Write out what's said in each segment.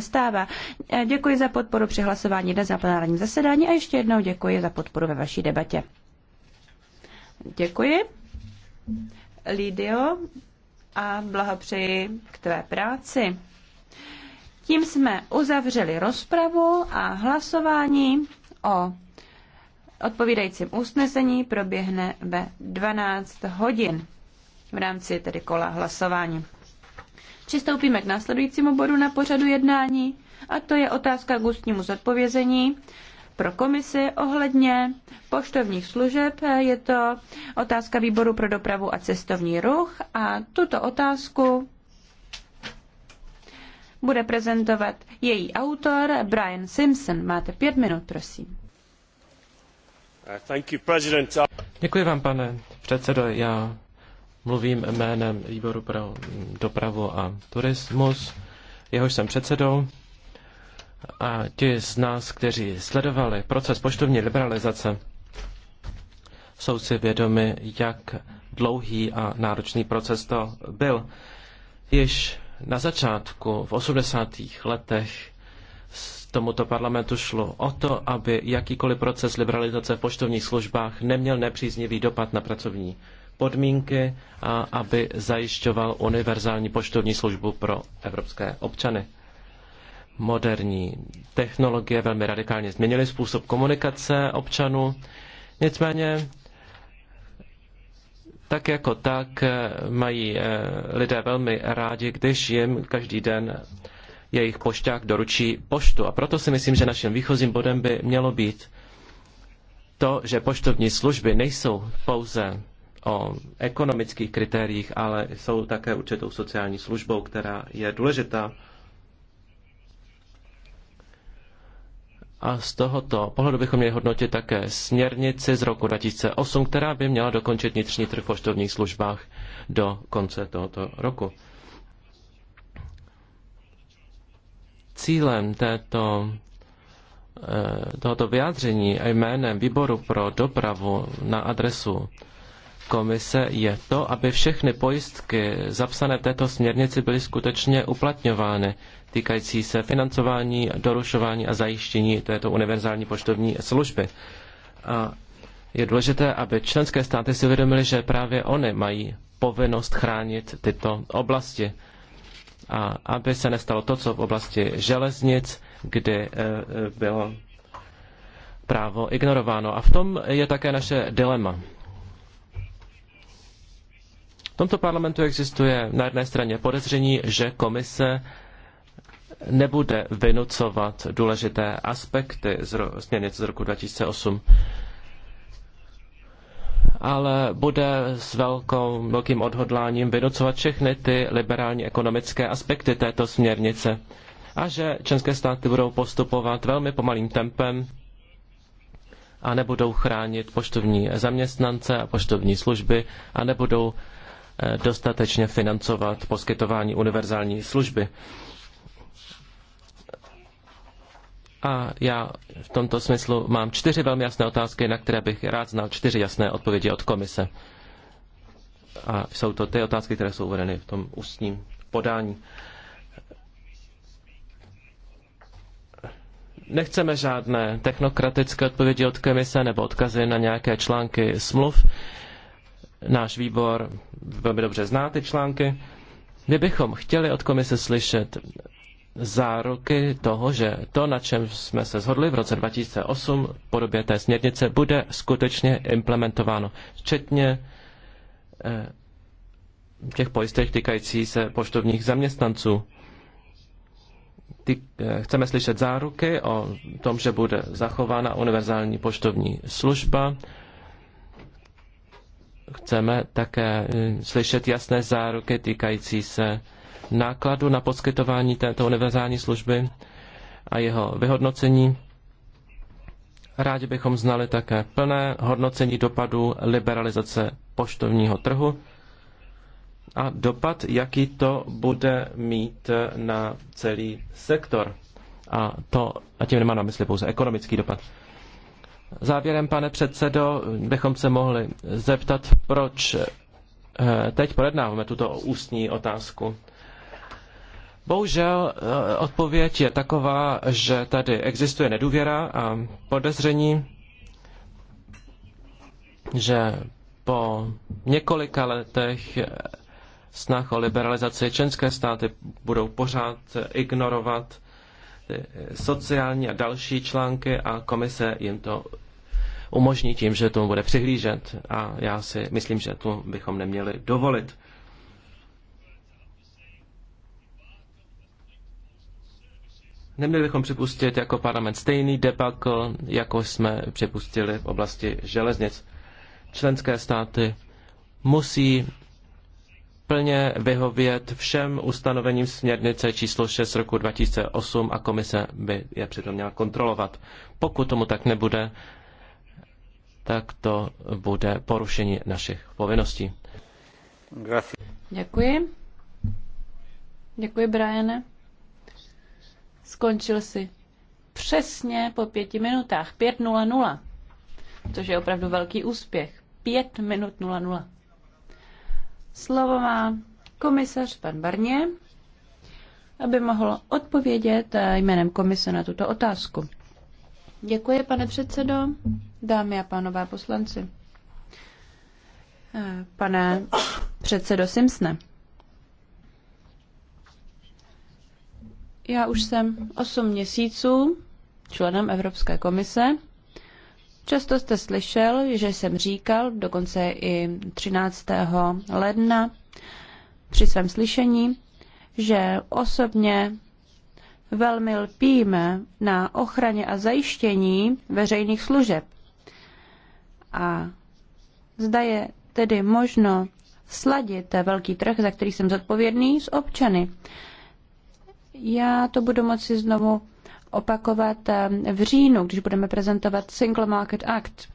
stává. E, děkuji za podporu při hlasování na plenárním zasedání a ještě jednou děkuji za podporu ve vaší debatě. Děkuji. Lidio a blahopřeji k tvé práci. Tím jsme uzavřeli rozpravu a hlasování o odpovídajícím usnesení proběhne ve 12 hodin v rámci tedy kola hlasování. Přistoupíme k následujícímu bodu na pořadu jednání a to je otázka k ústnímu zodpovězení pro komisi ohledně poštovních služeb. Je to otázka výboru pro dopravu a cestovní ruch a tuto otázku bude prezentovat její autor Brian Simpson. Máte pět minut, prosím. Uh, Děkuji vám, pane předsedo. Já Mluvím jménem výboru pro dopravu a turismus, jehož jsem předsedou. A ti z nás, kteří sledovali proces poštovní liberalizace, jsou si vědomi, jak dlouhý a náročný proces to byl. Již na začátku, v 80. letech, tomuto parlamentu šlo o to, aby jakýkoliv proces liberalizace v poštovních službách neměl nepříznivý dopad na pracovní podmínky a aby zajišťoval univerzální poštovní službu pro evropské občany. Moderní technologie velmi radikálně změnily způsob komunikace občanů, nicméně tak jako tak mají eh, lidé velmi rádi, když jim každý den jejich pošťák doručí poštu. A proto si myslím, že naším výchozím bodem by mělo být to, že poštovní služby nejsou pouze o ekonomických kritériích, ale jsou také určitou sociální službou, která je důležitá. A z tohoto pohledu bychom měli hodnotit také směrnici z roku 2008, která by měla dokončit vnitřní trh v poštovních službách do konce tohoto roku. Cílem této, eh, tohoto vyjádření a jménem Výboru pro dopravu na adresu komise je to, aby všechny pojistky zapsané v této směrnici byly skutečně uplatňovány, týkající se financování, dorušování a zajištění této univerzální poštovní služby. A je důležité, aby členské státy si uvědomily, že právě oni mají povinnost chránit tyto oblasti. A aby se nestalo to, co v oblasti železnic, kdy eh, eh, bylo právo ignorováno. A v tom je také naše dilema tomto parlamentu existuje na jedné straně podezření, že komise nebude vynucovat důležité aspekty z ro- směrnice z roku 2008, ale bude s velkou, velkým odhodláním vynucovat všechny ty liberální ekonomické aspekty této směrnice a že členské státy budou postupovat velmi pomalým tempem a nebudou chránit poštovní zaměstnance a poštovní služby a nebudou Eh, dostatečně financovat poskytování univerzální služby. A já v tomto smyslu mám čtyři velmi jasné otázky, na které bych rád znal čtyři jasné odpovědi od komise. A jsou to ty otázky, které jsou uvedeny v tom ústním podání. Nechceme žádné technokratické odpovědi od komise nebo odkazy na nějaké články smluv náš výbor velmi dobře zná ty články. My bychom chtěli od komise slyšet záruky toho, že to, na čem jsme se shodli v roce 2008 v podobě té směrnice, bude skutečně implementováno, včetně eh, těch pojistek týkající se poštovních zaměstnanců. Ty, eh, chceme slyšet záruky o tom, že bude zachována univerzální poštovní služba, Chceme také eh, slyšet jasné záruky týkající se nákladu na poskytování této univerzální služby a jeho vyhodnocení. Rádi bychom znali také plné hodnocení dopadu liberalizace poštovního trhu a dopad, jaký to bude mít eh, na celý sektor. A to, a tím nemám na mysli pouze ekonomický dopad. Závěrem, pane předsedo, bychom se mohli zeptat, proč eh, teď projednáváme tuto ústní otázku. Bohužel eh, odpověď je taková, že tady existuje nedůvěra a podezření, že po několika letech eh, snah o liberalizaci členské státy budou pořád ignorovat sociální a další články a komise jim to umožní tím, že tomu bude přihlížet a já si myslím, že to bychom neměli dovolit. Neměli bychom připustit jako parlament stejný debakl, jako jsme připustili v oblasti železnic. Členské státy musí plně vyhovět všem ustanovením směrnice číslo 6 roku 2008 a komise by je přitom měla kontrolovat. Pokud tomu tak nebude, tak to bude porušení našich povinností. Děkuji. Děkuji, Briane. Skončil si přesně po pěti minutách. 5.00, což je opravdu velký úspěch. Pět minut nula. Slovo má komisař pan Barně, aby mohl odpovědět jménem komise na tuto otázku. Děkuji, pane předsedo. Dámy a pánové poslanci, eh, pane předsedo Simsne, já už jsem 8 měsíců členem Evropské komise. Často jste slyšel, že jsem říkal, dokonce i 13. ledna při svém slyšení, že osobně velmi lpíme na ochraně a zajištění veřejných služeb. A zda je tedy možno sladit velký trh, za který jsem zodpovědný, s občany. Já to budu moci znovu opakovat ehm, v říjnu, když budeme prezentovat Single Market Act.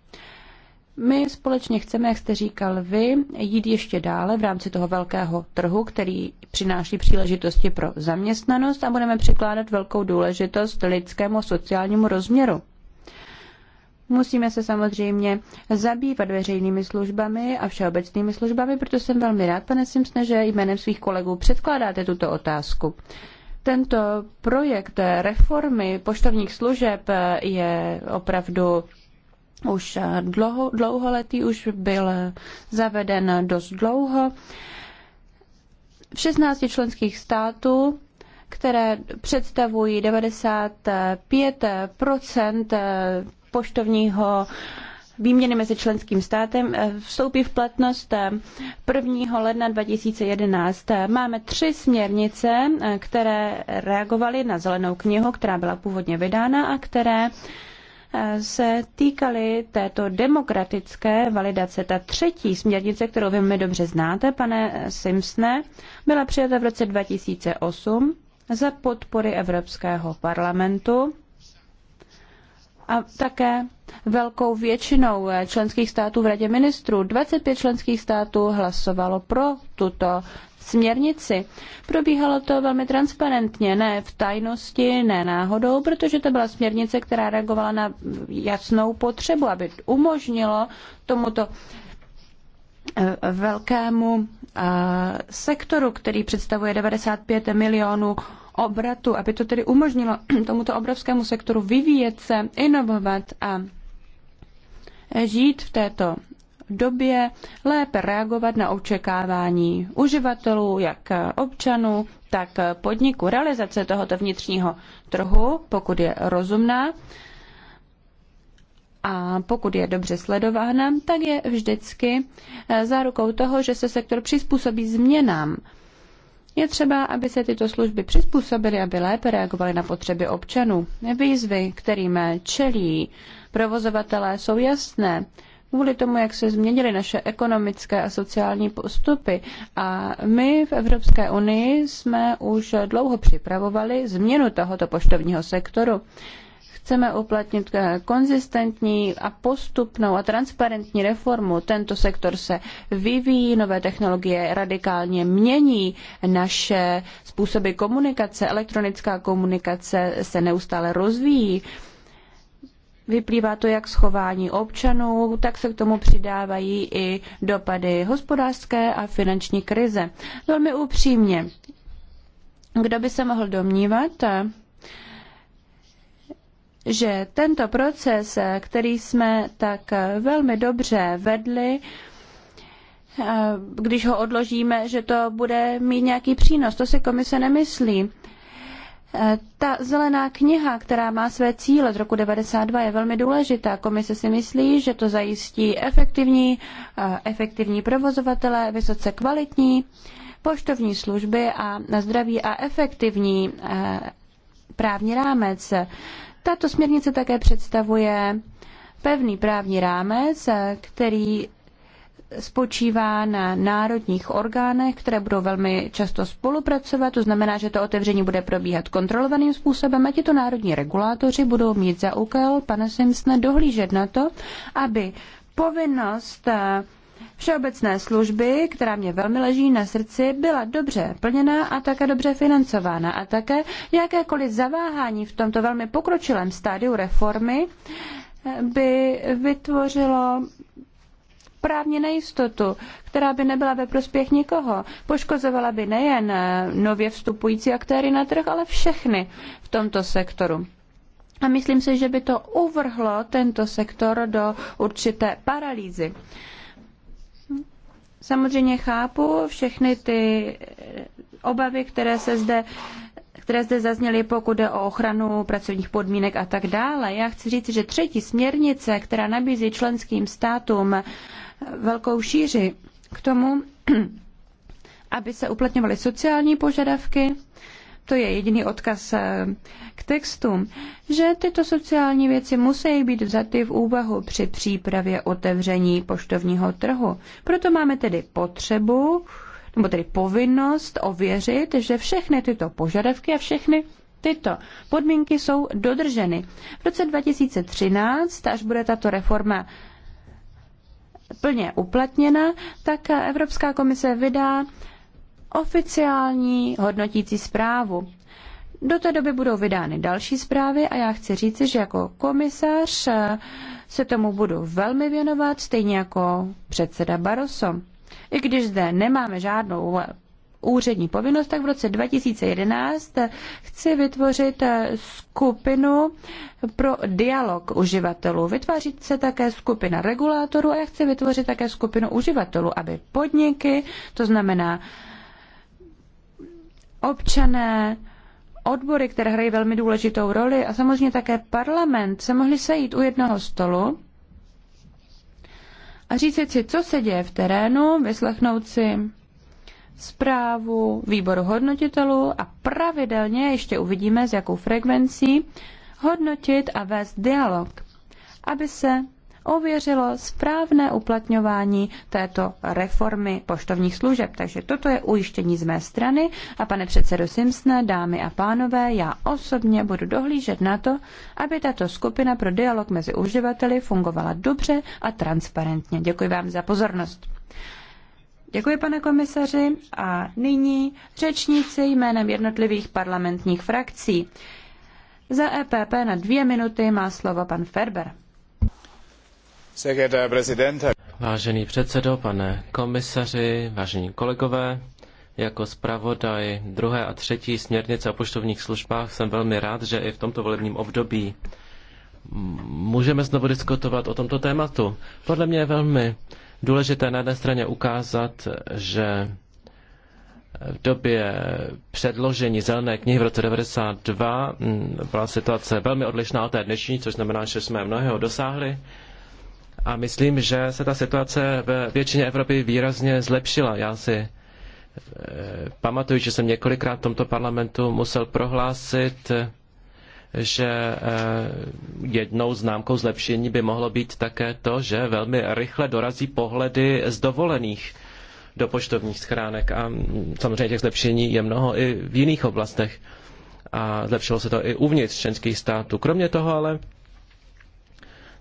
My společně chceme, jak jste říkal vy, jít ještě dále v rámci toho velkého trhu, který přináší příležitosti pro zaměstnanost a budeme přikládat velkou důležitost lidskému sociálnímu rozměru. Musíme se samozřejmě zabývat veřejnými službami a všeobecnými službami, proto jsem velmi rád, pane Simsne, že jménem svých kolegů předkládáte tuto otázku. Tento projekt reformy poštovních služeb je opravdu už dlouho, dlouholetý, už byl zaveden dost dlouho. V 16 členských států které představují 95 poštovního výměny mezi členským státem eh, vstoupí v platnost 1. Eh, ledna 2011. Máme tři směrnice, eh, které reagovaly na zelenou knihu, která byla původně vydána a které se týkaly této demokratické validace. Ta třetí směrnice, kterou vy mi dobře znáte, pane Simpsone, byla přijata v roce 2008 za podpory Evropského parlamentu a také velkou většinou členských států v Radě ministrů. 25 členských států hlasovalo pro tuto směrnici. Probíhalo to velmi transparentně, ne v tajnosti, ne náhodou, protože to byla směrnice, která reagovala na jasnou potřebu, aby umožnilo tomuto eh, velkému eh, sektoru, který představuje 95 milionů obratu, aby to tedy umožnilo tomuto obrovskému sektoru vyvíjet se, inovovat a žít v této době, lépe reagovat na očekávání uživatelů, jak občanů, tak podniku. Realizace tohoto vnitřního trhu, pokud je rozumná, a pokud je dobře sledována, tak je vždycky zárukou toho, že se sektor přizpůsobí změnám je třeba, aby se tyto služby přizpůsobily, aby lépe reagovaly na potřeby občanů. Výzvy, kterým čelí provozovatelé, jsou jasné. Kvůli tomu, jak se změnily naše ekonomické a sociální postupy. A my v Evropské unii jsme už dlouho připravovali změnu tohoto poštovního sektoru. Chceme uplatnit eh, konzistentní a postupnou a transparentní reformu. Tento sektor se vyvíjí, nové technologie radikálně mění naše způsoby komunikace. Elektronická komunikace se neustále rozvíjí. Vyplývá to jak schování občanů, tak se k tomu přidávají i dopady hospodářské a finanční krize. Velmi upřímně, kdo by se mohl domnívat, že tento proces, který jsme tak velmi dobře vedli, eh, když ho odložíme, že to bude mít nějaký přínos. To si komise nemyslí. Eh, ta zelená kniha, která má své cíle z roku 92, je velmi důležitá. Komise si myslí, že to zajistí efektivní, eh, efektivní provozovatele, vysoce kvalitní poštovní služby a zdravý a efektivní právní rámec. Tato směrnice také představuje pevný právní rámec, který spočívá na národních orgánech, které budou velmi často spolupracovat. To znamená, že to otevření bude probíhat kontrolovaným způsobem a tito národní regulátoři budou mít za úkol, pane Simsne, dohlížet na to, aby povinnost všeobecné služby, která mě velmi leží na srdci, byla dobře plněná a také dobře financována. A také jakékoliv zaváhání v tomto velmi pokročilém stádiu reformy eh, by vytvořilo právní nejistotu, která by nebyla ve prospěch nikoho. Poškozovala by nejen eh, nově vstupující aktéry na trh, ale všechny v tomto sektoru. A myslím si, že by to uvrhlo tento sektor do určité paralýzy. Samozřejmě chápu všechny ty obavy, které se zde které zde zazněly, pokud jde o ochranu pracovních podmínek a tak dále. Já chci říct, že třetí směrnice, která nabízí členským státům velkou šíři k tomu, aby se uplatňovaly sociální požadavky, to je jediný odkaz eh, k textu, že tyto sociální věci musí být vzaty v úvahu při přípravě otevření poštovního trhu. Proto máme tedy potřebu, nebo tedy povinnost ověřit, že všechny tyto požadavky a všechny tyto podmínky jsou dodrženy. V roce 2013, až bude tato reforma plně uplatněna, tak Evropská komise vydá oficiální hodnotící zprávu. Do té doby budou vydány další zprávy a já chci říci, že jako komisař eh, se tomu budu velmi věnovat, stejně jako předseda Barroso. I když zde nemáme žádnou eh, úřední povinnost, tak v roce 2011 eh, chci vytvořit skupinu pro dialog uživatelů. Vytváří se také skupina regulátorů a já chci vytvořit také skupinu uživatelů, aby podniky, to znamená občané, odbory, které hrají velmi důležitou roli a samozřejmě také parlament se mohli sejít u jednoho stolu a říct si, co se děje v terénu, vyslechnout si zprávu výboru hodnotitelů a pravidelně ještě uvidíme, s jakou frekvencí hodnotit a vést dialog, aby se ověřilo správné uplatňování této reformy poštovních služeb. Takže toto je ujištění z mé strany a pane předsedo Simsne, dámy a pánové, já osobně budu dohlížet na to, aby tato skupina pro dialog mezi uživateli fungovala dobře a transparentně. Děkuji vám za pozornost. Děkuji, pane komisaři. A nyní řečníci jménem jednotlivých parlamentních frakcí. Za EPP na dvě minuty má slovo pan Ferber. Vážený předsedo, pane komisaři, vážení kolegové, jako zpravodaj druhé a třetí směrnice o poštovních službách jsem velmi rád, že i v tomto volebním období můžeme znovu diskutovat o tomto tématu. Podle mě je velmi důležité na jedné straně ukázat, že v době předložení zelené knihy v roce 92 byla situace velmi odlišná od té dnešní, což znamená, že jsme mnohého dosáhli a myslím, že se ta situace ve většině Evropy výrazně zlepšila. Já si e, pamatuju, že jsem několikrát v tomto parlamentu musel prohlásit, že e, jednou známkou zlepšení by mohlo být také to, že velmi rychle dorazí pohledy z dovolených do poštovních schránek a samozřejmě těch zlepšení je mnoho i v jiných oblastech a zlepšilo se to i uvnitř členských států. Kromě toho ale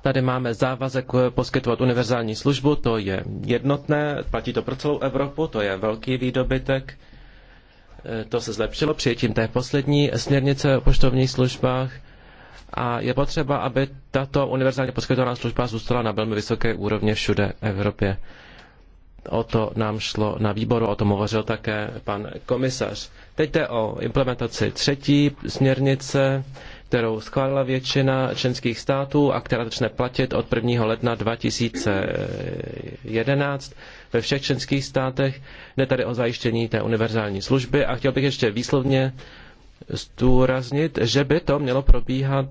Tady máme závazek eh, poskytovat univerzální službu, to je jednotné, platí to pro celou Evropu, to je velký výdobytek. Eh, to se zlepšilo přijetím té poslední směrnice o poštovních službách a je potřeba, aby tato univerzálně poskytovaná služba zůstala na velmi vysoké úrovni všude v Evropě. O to nám šlo na výboru, o tom hovořil také pan komisař. Teď jde o implementaci třetí směrnice kterou schválila většina členských států a která začne platit od 1. ledna 2011 ve všech členských státech. Jde tady o zajištění té univerzální služby a chtěl bych ještě výslovně zdůraznit, že by to mělo probíhat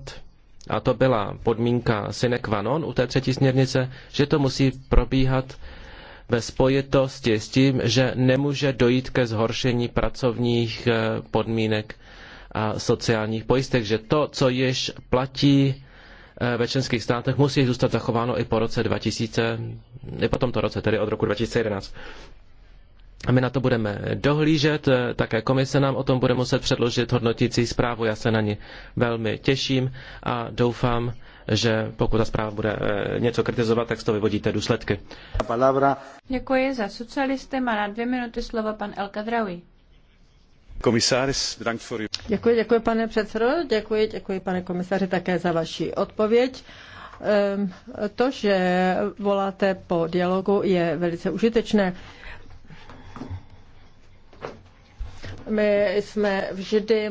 a to byla podmínka sine qua non u té třetí směrnice, že to musí probíhat ve spojitosti s tím, že nemůže dojít ke zhoršení pracovních eh, podmínek a sociálních pojistek, že to, co již platí eh, ve členských státech, musí zůstat zachováno i po roce 2000, i po tomto roce, tedy od roku 2011. A my na to budeme dohlížet, eh, také komise nám o tom bude muset předložit hodnotící zprávu, já se na ní velmi těším a doufám, že pokud ta zpráva bude eh, něco kritizovat, tak z toho vyvodíte důsledky. Děkuji za socialisty, má na dvě minuty slovo pan El Kadraoui děkuji, pane předsedající. děkuji, děkuji, pane komisaři, také za vaši odpověď. Ehm, to, že voláte po dialogu, je velice užitečné. My jsme vždy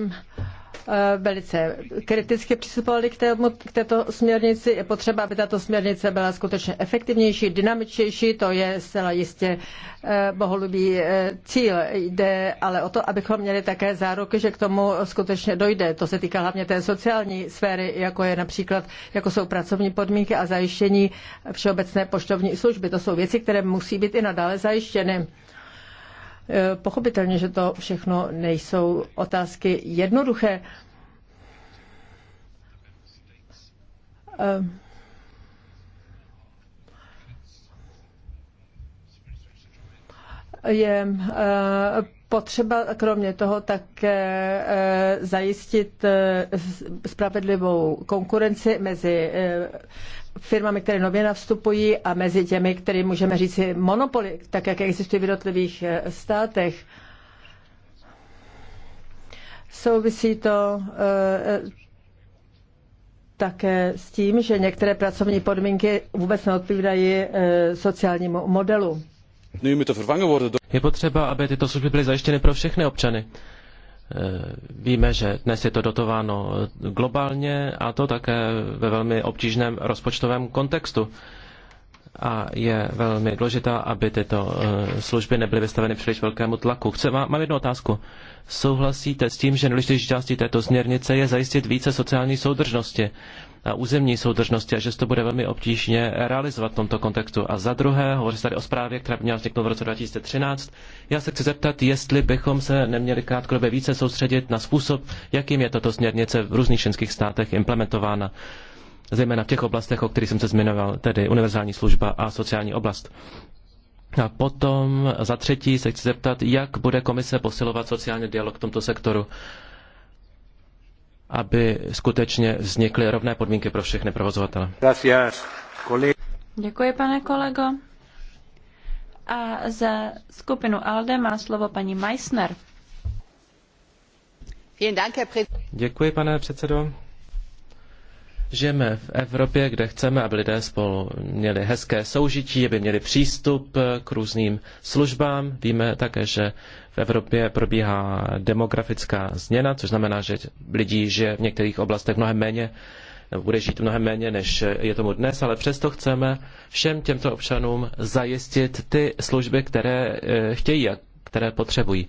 Eh, velice kriticky přistupovali k, tému, k této směrnici. Je potřeba, aby tato směrnice byla skutečně efektivnější, dynamičtější, to je zcela jistě eh, boholubý eh, cíl. Jde ale o to, abychom měli také záruky, že k tomu skutečně dojde. To se týká hlavně té sociální sféry, jako je například, jako jsou pracovní podmínky a zajištění všeobecné poštovní služby. To jsou věci, které musí být i nadále zajištěny. Eh, pochopitelně, že to všechno nejsou otázky jednoduché. Eh, je eh, potřeba kromě toho také eh, zajistit eh, spravedlivou konkurenci mezi firmami, které nově navstupují a mezi těmi, které můžeme říci monopoly, tak jak existují v jednotlivých státech. Souvisí to také s tím, že některé pracovní podmínky vůbec neodpovídají sociálnímu modelu. Je potřeba, aby tyto služby byly zajištěny pro všechny občany. Eh, víme, že dnes je to dotováno globálně a to také ve velmi obtížném rozpočtovém kontextu. A je velmi důležité, aby tyto eh, služby nebyly vystaveny příliš velkému tlaku. Chce, má, mám jednu otázku. Souhlasíte s tím, že nejležitější částí této směrnice je zajistit více sociální soudržnosti územní soudržnosti a že se to bude velmi obtížně realizovat v tomto kontextu. A za druhé, hovoří se tady o zprávě, která měla vzniknout v roce 2013. Já se chci zeptat, jestli bychom se neměli krátkodobě více soustředit na způsob, jakým je tato směrnice v různých členských státech implementována zejména v těch oblastech, o kterých jsem se zmiňoval, tedy univerzální služba a sociální oblast. A potom za třetí se chci zeptat, jak bude komise posilovat sociální dialog v tomto sektoru aby skutečně vznikly rovné podmínky pro všechny provozovatele. Děkuji, pane kolego. A za skupinu ALDE má slovo paní Meissner. Děkuji, pane předsedo. Žijeme v Evropě, kde chceme, aby lidé spolu měli hezké soužití, aby měli přístup k různým službám. Víme také, že v Evropě probíhá demografická změna, což znamená, že lidí žije v některých oblastech mnohem méně, nebo bude žít mnohem méně, než je tomu dnes, ale přesto chceme všem těmto občanům zajistit ty služby, které eh, chtějí a které potřebují.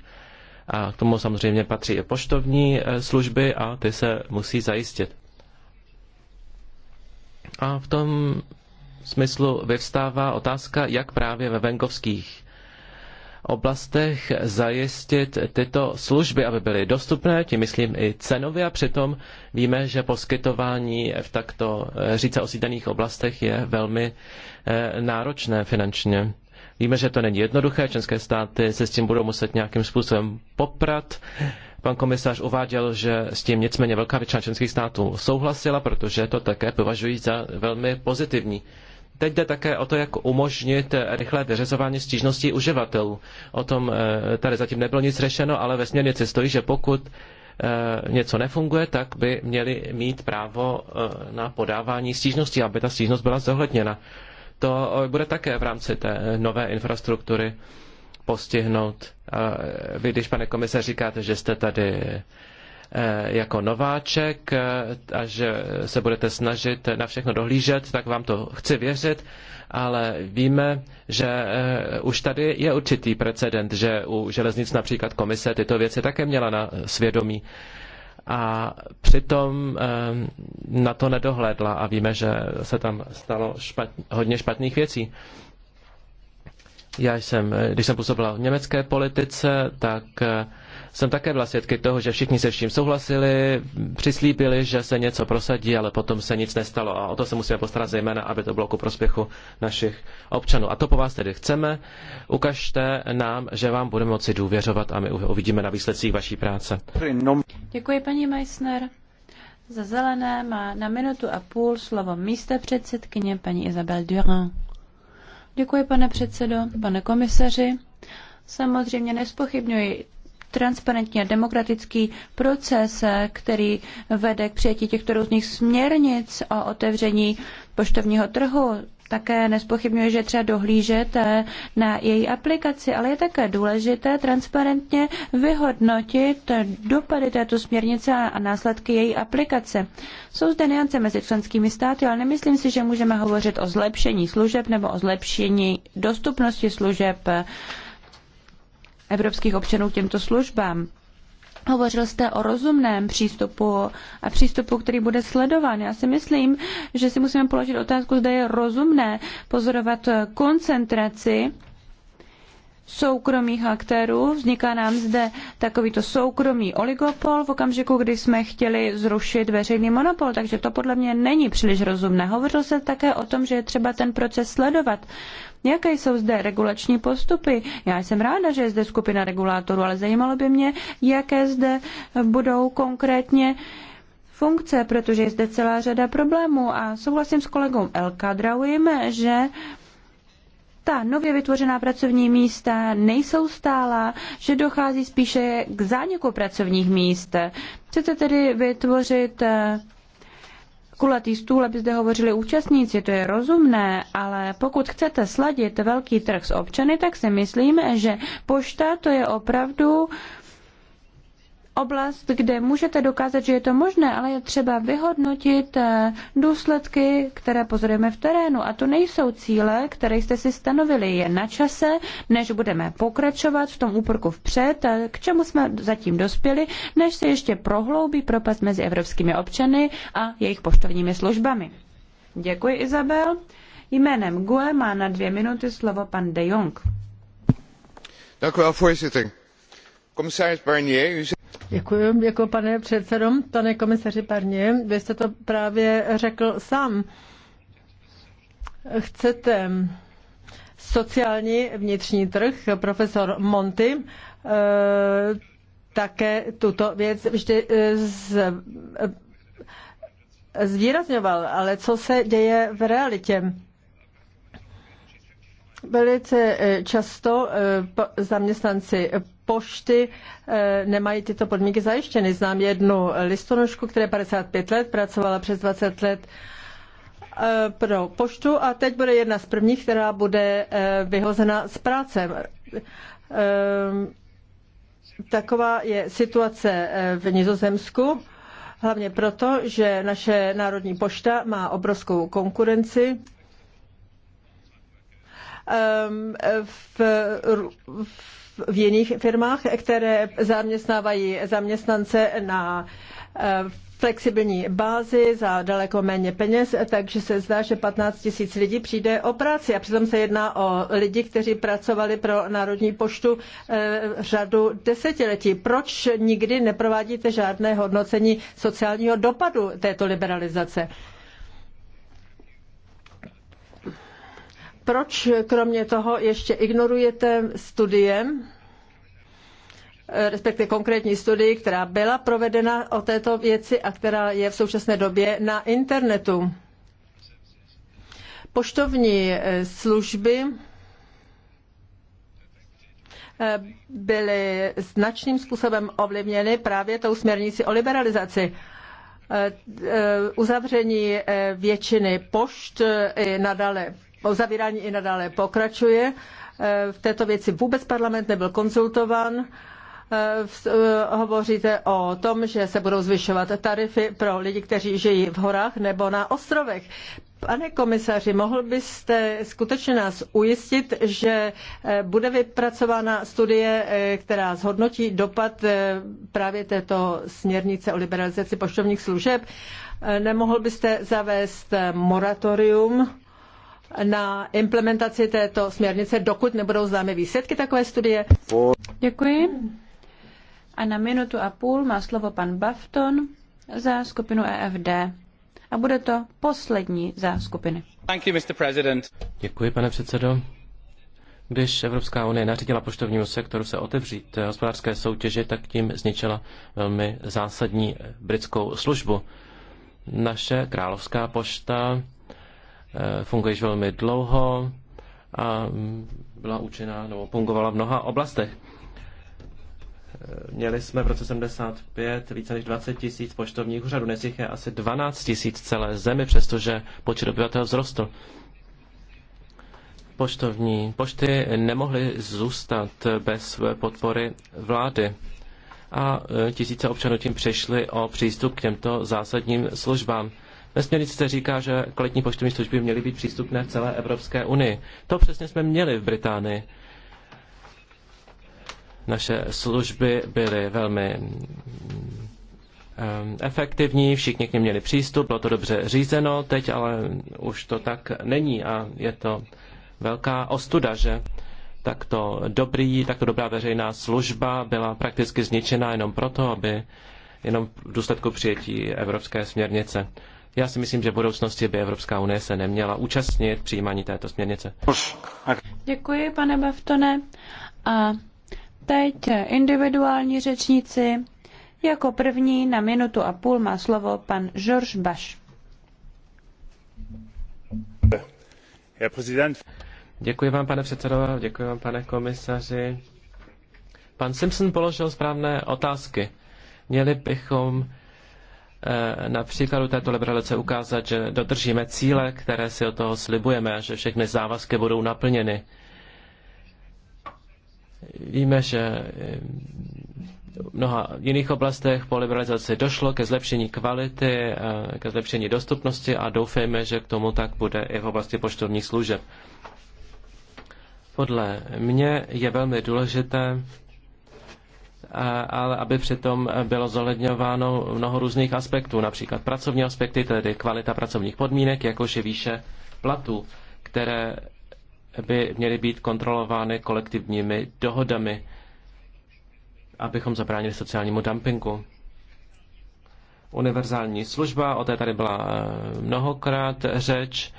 A k tomu samozřejmě patří i poštovní eh, služby a ty se musí zajistit. A v tom smyslu vyvstává otázka, jak právě ve venkovských oblastech zajistit tyto služby, aby byly dostupné, tím myslím i cenově a přitom víme, že poskytování v takto eh, říce osídlených oblastech je velmi eh, náročné finančně. Víme, že to není jednoduché, české státy se s tím budou muset nějakým způsobem poprat. Pan komisař uváděl, že s tím nicméně velká většina členských států souhlasila, protože to také považují za velmi pozitivní. Teď jde také o to, jak umožnit rychlé vyřizování stížností uživatelů. O tom eh, tady zatím nebylo nic řešeno, ale ve směrnici stojí, že pokud eh, něco nefunguje, tak by měli mít právo eh, na podávání stížností, aby ta stížnost byla zohledněna. To bude také v rámci té nové infrastruktury postihnout. A vy, když, pane komise, říkáte, že jste tady eh, jako nováček eh, a že se budete snažit na všechno dohlížet, tak vám to chci věřit, ale víme, že eh, už tady je určitý precedent, že u železnic například komise tyto věci také měla na svědomí a přitom na to nedohledla a víme, že se tam stalo špat, hodně špatných věcí. Já jsem, když jsem působila v německé politice, tak eh, jsem také byla svědky toho, že všichni se vším souhlasili, přislíbili, že se něco prosadí, ale potom se nic nestalo. A o to se musíme postarat zejména, aby to bylo ku prospěchu našich občanů. A to po vás tedy chceme. Ukažte nám, že vám budeme moci důvěřovat a my uvidíme na výsledcích vaší práce. Děkuji, paní Meissner. Za zelené má na minutu a půl slovo místo předsedkyně paní Isabel Durand. Děkuji, pane předsedo, pane komisaři. Samozřejmě nespochybňuji transparentní a demokratický proces, eh, který vede k přijetí těchto různých směrnic o otevření poštovního trhu, také nespochybňuje, že třeba dohlížet na její aplikaci, ale je také důležité transparentně vyhodnotit dopady této směrnice a následky její aplikace. Jsou zde neance mezi členskými státy, ale nemyslím si, že můžeme hovořit o zlepšení služeb nebo o zlepšení dostupnosti služeb evropských občanů k těmto službám. Hovořil jste o rozumném přístupu a přístupu, který bude sledován. Já si myslím, že si musíme položit otázku, zda je rozumné pozorovat koncentraci soukromých aktérů. Vzniká nám zde takovýto soukromý oligopol v okamžiku, kdy jsme chtěli zrušit veřejný monopol, takže to podle mě není příliš rozumné. Hovořil se také o tom, že je třeba ten proces sledovat, Jaké jsou zde regulační postupy? Já jsem ráda, že je zde skupina regulátorů, ale zajímalo by mě, jaké zde budou konkrétně funkce, protože je zde celá řada problémů a souhlasím s kolegou Elka Drauim, že ta nově vytvořená pracovní místa nejsou stála, že dochází spíše k zániku pracovních míst. Chcete tedy vytvořit eh, kulatý stůl, aby zde hovořili účastníci, to je rozumné, ale pokud chcete sladit velký trh s občany, tak si myslím, že pošta to je opravdu uh, oblast, kde můžete dokázat, že je to možné, ale je třeba vyhodnotit eh, důsledky, které pozorujeme v terénu. A to nejsou cíle, které jste si stanovili. Je na čase, než budeme pokračovat v tom úporku vpřed, eh, k čemu jsme zatím dospěli, než se ještě prohloubí propast mezi evropskými občany a jejich poštovními službami. Děkuji, Izabel. Jménem GUE má na dvě minuty slovo pan De Jong. Děkuji, voorzitter. Commissaris Barnier, u Děkuji, děkuji jako pane předsedom, Pane komisaři Parně, vy jste to právě řekl sám. Chcete sociální vnitřní trh, profesor Monty, eh, také tuto věc vždy eh, z, eh, zvýrazňoval, ale co se děje v realitě? Velice e, často e, zaměstnanci pošty e, nemají tyto podmínky zajištěny. Znám jednu listonožku, která 55 let, pracovala přes 20 let pro poštu a teď bude jedna z prvních, která bude vyhozena z práce. Taková je situace v Nizozemsku, hlavně proto, že naše národní pošta má obrovskou konkurenci Um, v, v jiných firmách, které zaměstnávají zaměstnance na uh, flexibilní bázi za daleko méně peněz, takže se zdá, že 15 tisíc lidí přijde o práci. A přitom se jedná o lidi, kteří pracovali pro Národní poštu uh, řadu desetiletí. Proč nikdy neprovádíte žádné hodnocení sociálního dopadu této liberalizace? Proč kromě toho ještě ignorujete studie, respektive konkrétní studii, která byla provedena o této věci a která je v současné době na internetu? Poštovní eh, služby eh, byly značným způsobem ovlivněny právě tou směrnicí o liberalizaci. Eh, uzavření většiny pošt i nadále Zavírání i nadále pokračuje. E, v této věci vůbec parlament nebyl konzultován. E, e, hovoříte o tom, že se budou zvyšovat tarify pro lidi, kteří žijí v horách nebo na ostrovech. Pane komisaři, mohl byste skutečně nás ujistit, že bude vypracována studie, která zhodnotí dopad právě této směrnice o liberalizaci poštovních služeb? Nemohl byste zavést moratorium na implementaci této směrnice, dokud nebudou známy výsledky takové studie. Děkuji. A na minutu a půl má slovo pan Bafton za skupinu EFD. A bude to poslední za skupiny. Thank you, Mr. President. Děkuji, pane předsedo. Když Evropská unie nařídila poštovnímu sektoru se otevřít hospodářské soutěži, tak tím zničila velmi zásadní britskou službu. Naše královská pošta Eh, funguje již velmi dlouho a byla účinná nebo fungovala v mnoha oblastech. Eh, měli jsme v roce 75 více než 20 tisíc poštovních úřadů, dnes jich je asi 12 tisíc celé zemi, přestože počet obyvatel vzrostl. Poštovní pošty nemohly zůstat bez podpory vlády a eh, tisíce občanů tím přišli o přístup k těmto zásadním službám. Ve směrnici se říká, že kvalitní poštovní služby měly být přístupné v celé Evropské unii. To přesně jsme měli v Británii. Naše služby byly velmi ehm, efektivní, všichni k ně měli přístup, bylo to dobře řízeno, teď ale už to tak není a je to velká ostuda, že takto dobrý, takto dobrá veřejná služba byla prakticky zničena jenom proto, aby jenom v důsledku přijetí evropské směrnice. Já si myslím, že v budoucnosti by Evropská unie se neměla účastnit přijímání této směrnice. Děkuji, pane Baftone. A teď individuální řečníci. Jako první na minutu a půl má slovo pan Georges Baš. Děkuji vám, pane předsedo, děkuji vám, pane komisaři. Pan Simpson položil správné otázky. Měli bychom Eh, na příkladu této liberalice ukázat, že dodržíme cíle, které si od toho slibujeme a že všechny závazky budou naplněny. Víme, že eh, v mnoha jiných oblastech po liberalizaci došlo ke zlepšení kvality, eh, ke zlepšení dostupnosti a doufejme, že k tomu tak bude i v oblasti poštovních služeb. Podle mě je velmi důležité ale aby přitom bylo zohledňováno mnoho různých aspektů, například pracovní aspekty, tedy kvalita pracovních podmínek, jakož je výše platů, které by měly být kontrolovány kolektivními dohodami, abychom zabránili sociálnímu dumpingu. Univerzální služba, o té tady byla eh, mnohokrát řeč.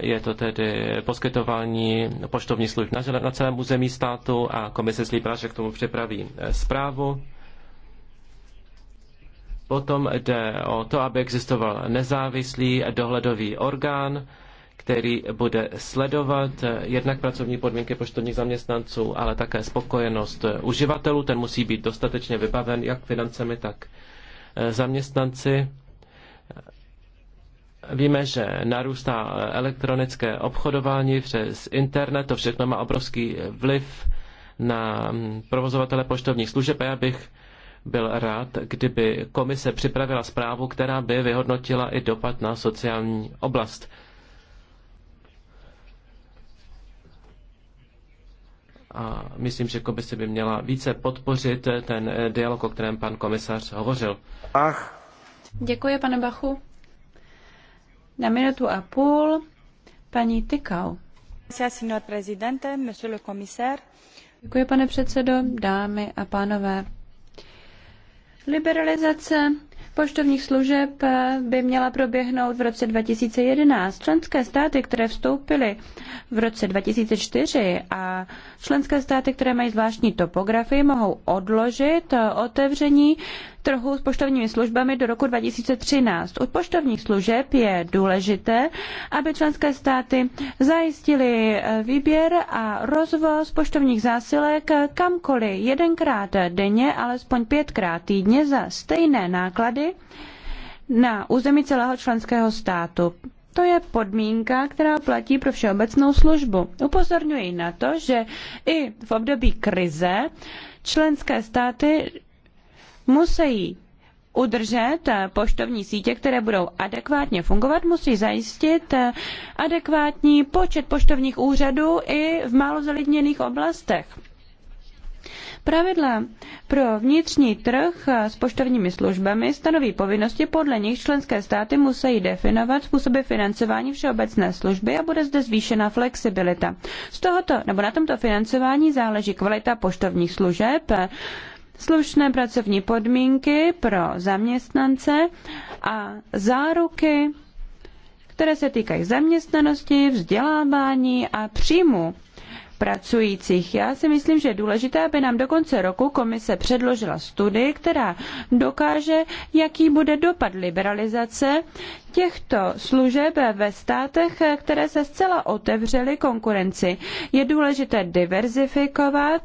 Je to tedy poskytování poštovních služb na, na celém území státu a komise slíbila, že k tomu připraví eh, zprávu. Potom jde o to, aby existoval nezávislý dohledový orgán, který bude sledovat eh, jednak pracovní podmínky poštovních zaměstnanců, ale také spokojenost eh, uživatelů. Ten musí být dostatečně vybaven jak financemi, tak zaměstnanci Víme, že narůstá elektronické obchodování přes internet, to všechno má obrovský vliv na provozovatele poštovních služeb a já bych byl rád, kdyby komise připravila zprávu, která by vyhodnotila i dopad na sociální oblast. A myslím, že komise by měla více podpořit ten dialog, o kterém pan komisař hovořil. Ach. Děkuji, pane Bachu. Na minutu a půl paní Tykau. Děkuji, pane předsedo, dámy a pánové. Liberalizace poštovních služeb by měla proběhnout v roce 2011. Členské státy, které vstoupily v roce 2004 a členské státy, které mají zvláštní topografii, mohou odložit otevření trhu s poštovními službami do roku 2013. U poštovních služeb je důležité, aby členské státy zajistily eh, výběr a rozvoz poštovních zásilek kamkoliv jedenkrát denně, alespoň pětkrát týdně za stejné náklady na území celého členského státu. To je podmínka, která platí pro všeobecnou službu. Upozorňuji na to, že i v období krize členské státy musí udržet eh, poštovní sítě, které budou adekvátně fungovat, musí zajistit eh, adekvátní počet poštovních úřadů i v málo zalidněných oblastech. Pravidla pro vnitřní trh eh, s poštovními službami stanoví povinnosti, podle nich členské státy musí definovat způsoby financování všeobecné služby a bude zde zvýšena flexibilita. Z tohoto, nebo na tomto financování záleží kvalita poštovních služeb, slušné pracovní podmínky pro zaměstnance a záruky, které se týkají zaměstnanosti, vzdělávání a příjmu pracujících. Já si myslím, že je důležité, aby nám do konce roku komise předložila studii, která dokáže, jaký bude dopad liberalizace těchto služeb ve státech, které se zcela otevřely konkurenci. Je důležité diverzifikovat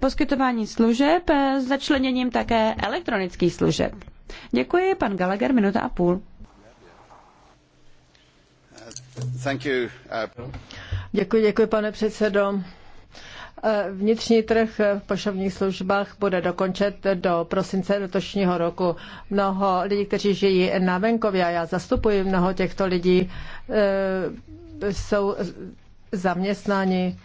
poskytování služeb eh, s začleněním také elektronických služeb. Děkuji, pan Gallagher, minuta a půl. Uh, děkuji, děkuji, pane předsedo. Eh, vnitřní trh v pošovních službách bude dokončet do prosince letošního roku. Mnoho lidí, kteří žijí na venkově, a já zastupuji mnoho těchto lidí, eh, jsou zaměstnáni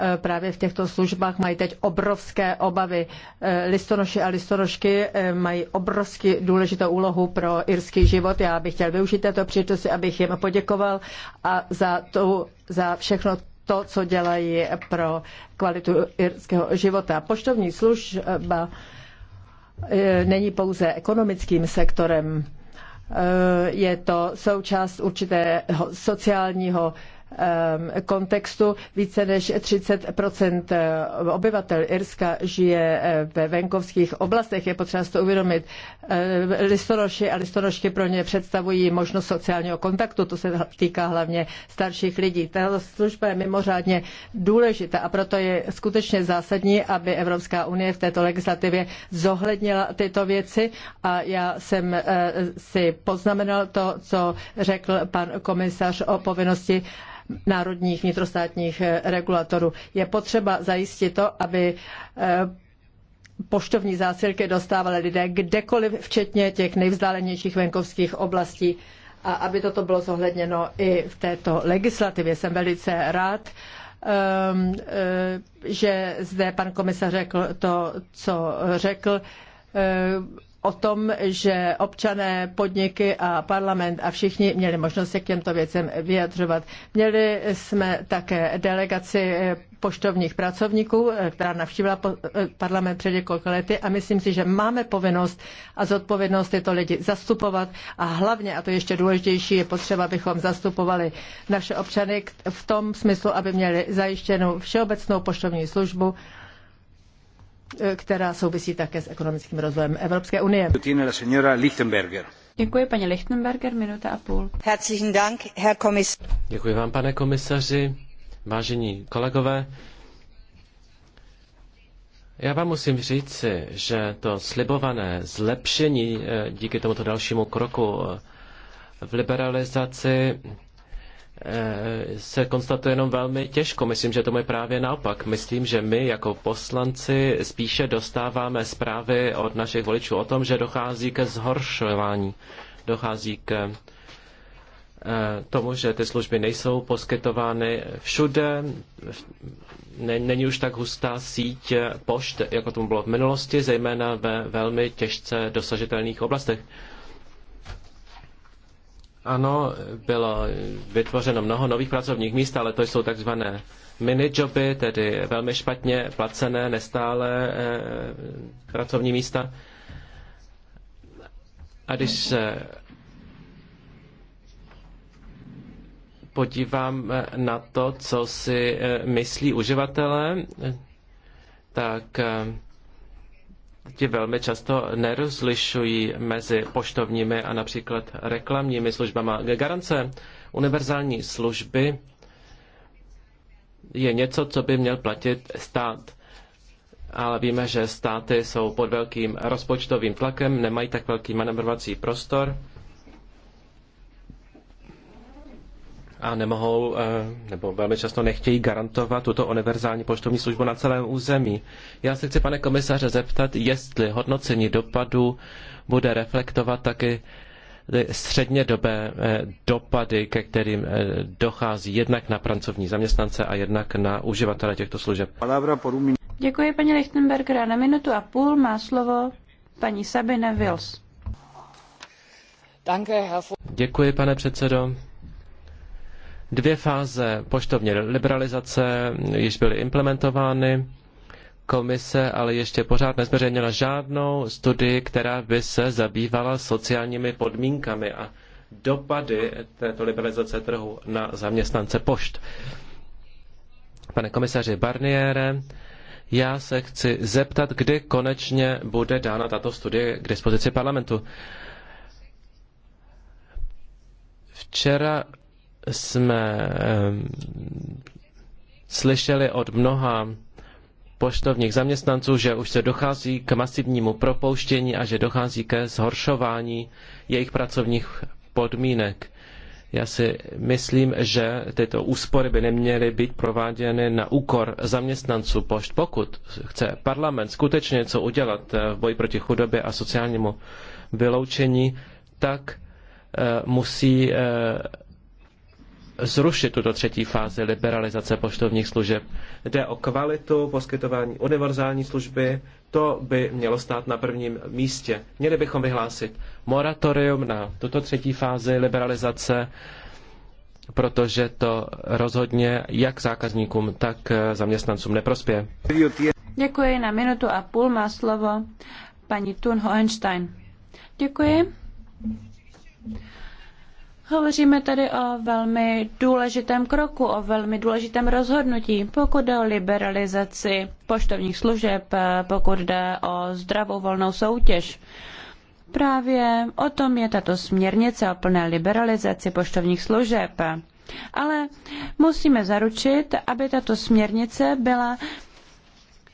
Eh, právě v těchto službách mají teď obrovské obavy. Eh, listonoši a listonošky eh, mají obrovsky důležitou úlohu pro irský život. Já bych chtěl využít této příležitosti, abych jim poděkoval a za, to, za všechno to, co dělají pro kvalitu irského života. Poštovní služba není pouze ekonomickým sektorem, je to součást určitého sociálního Um, kontextu více než 30 eh, obyvatel Irska žije eh, ve venkovských oblastech. Je potřeba si to uvědomit. Eh, Listonoši a listonošky pro ně představují možnost sociálního kontaktu. To se týká hlavně starších lidí. Tato služba je mimořádně důležitá a proto je skutečně zásadní, aby Evropská unie v této legislativě zohlednila tyto věci a já jsem si poznamenal to, co řekl pan komisař o povinnosti národních vnitrostátních eh, regulatorů. Je potřeba zajistit to, aby eh, poštovní zásilky dostávali lidé kdekoliv, včetně těch nejvzdálenějších venkovských oblastí a aby toto bylo zohledněno i v této legislativě. Jsem velice rád, ehm, eh, že zde pan komisař řekl to, co řekl o tom, že občané, podniky a parlament a všichni měli možnost se k těmto věcem vyjadřovat. Měli jsme také delegaci poštovních pracovníků, která navštívila parlament před několika lety a myslím si, že máme povinnost a zodpovědnost tyto lidi zastupovat a hlavně, a to ještě důležitější, je potřeba, abychom zastupovali naše občany v tom smyslu, aby měli zajištěnou všeobecnou poštovní službu, Eh, která souvisí také s ekonomickým rozvojem Evropské unie. Děkuji, paní Lichtenberger, minuta a půl. Herzlichen Dank, Herr Děkuji vám, pane komisaři, vážení kolegové. Já vám musím říci, že to slibované zlepšení eh, díky tomuto dalšímu kroku eh, v liberalizaci Eh, se konstatuje jenom velmi těžko. Myslím, že to je právě naopak. Myslím, že my jako poslanci spíše dostáváme zprávy od našich voličů o tom, že dochází ke zhoršování, dochází k eh, tomu, že ty služby nejsou poskytovány všude, není už tak hustá síť pošt, jako tomu bylo v minulosti, zejména ve velmi těžce dosažitelných oblastech. Ano, bylo vytvořeno mnoho nových pracovních míst, ale to jsou takzvané minijoby, tedy velmi špatně placené, nestále eh, pracovní místa. A když se podívám eh, na to, co si eh, myslí uživatelé, tak ti velmi často nerozlišují mezi poštovními a například reklamními službami. Garance univerzální služby je něco, co by měl platit stát. Ale víme, že státy jsou pod velkým rozpočtovým tlakem, nemají tak velký manevrovací prostor a nemohou, eh, nebo velmi často nechtějí garantovat tuto univerzální poštovní službu na celém území. Já se chci, pane komisaře, zeptat, jestli hodnocení dopadu bude reflektovat taky středně dobé eh, dopady, ke kterým eh, dochází jednak na pracovní zaměstnance a jednak na uživatele těchto služeb. Děkuji, paní Lichtenberger. Na minutu a půl má slovo paní Sabine Wills. Děkuji, pane předsedo. Dvě fáze poštovní liberalizace již byly implementovány. Komise ale ještě pořád nezveřejnila žádnou studii, která by se zabývala sociálními podmínkami a dopady této liberalizace trhu na zaměstnance pošt. Pane komisaři Barniere, já se chci zeptat, kdy konečně bude dána tato studie k dispozici parlamentu. Včera jsme slyšeli od mnoha poštovních zaměstnanců, že už se dochází k masivnímu propouštění a že dochází ke zhoršování jejich pracovních podmínek. Já si myslím, že tyto úspory by neměly být prováděny na úkor zaměstnanců pošt. Pokud chce parlament skutečně něco udělat eh, v boji proti chudobě a sociálnímu vyloučení, tak eh, musí eh, zrušit tuto třetí fázi liberalizace poštovních služeb. Jde o kvalitu poskytování univerzální služby, to by mělo stát na prvním místě. Měli bychom vyhlásit moratorium na tuto třetí fázi liberalizace, protože to rozhodně jak zákazníkům, tak zaměstnancům neprospěje. Děkuji. Na minutu a půl má slovo paní Thun Hohenstein. Děkuji. Hovoříme tady o velmi důležitém kroku, o velmi důležitém rozhodnutí, pokud jde o liberalizaci poštovních služeb, pokud jde o zdravou volnou soutěž. Právě o tom je tato směrnice o plné liberalizaci poštovních služeb. Ale musíme zaručit, aby tato směrnice byla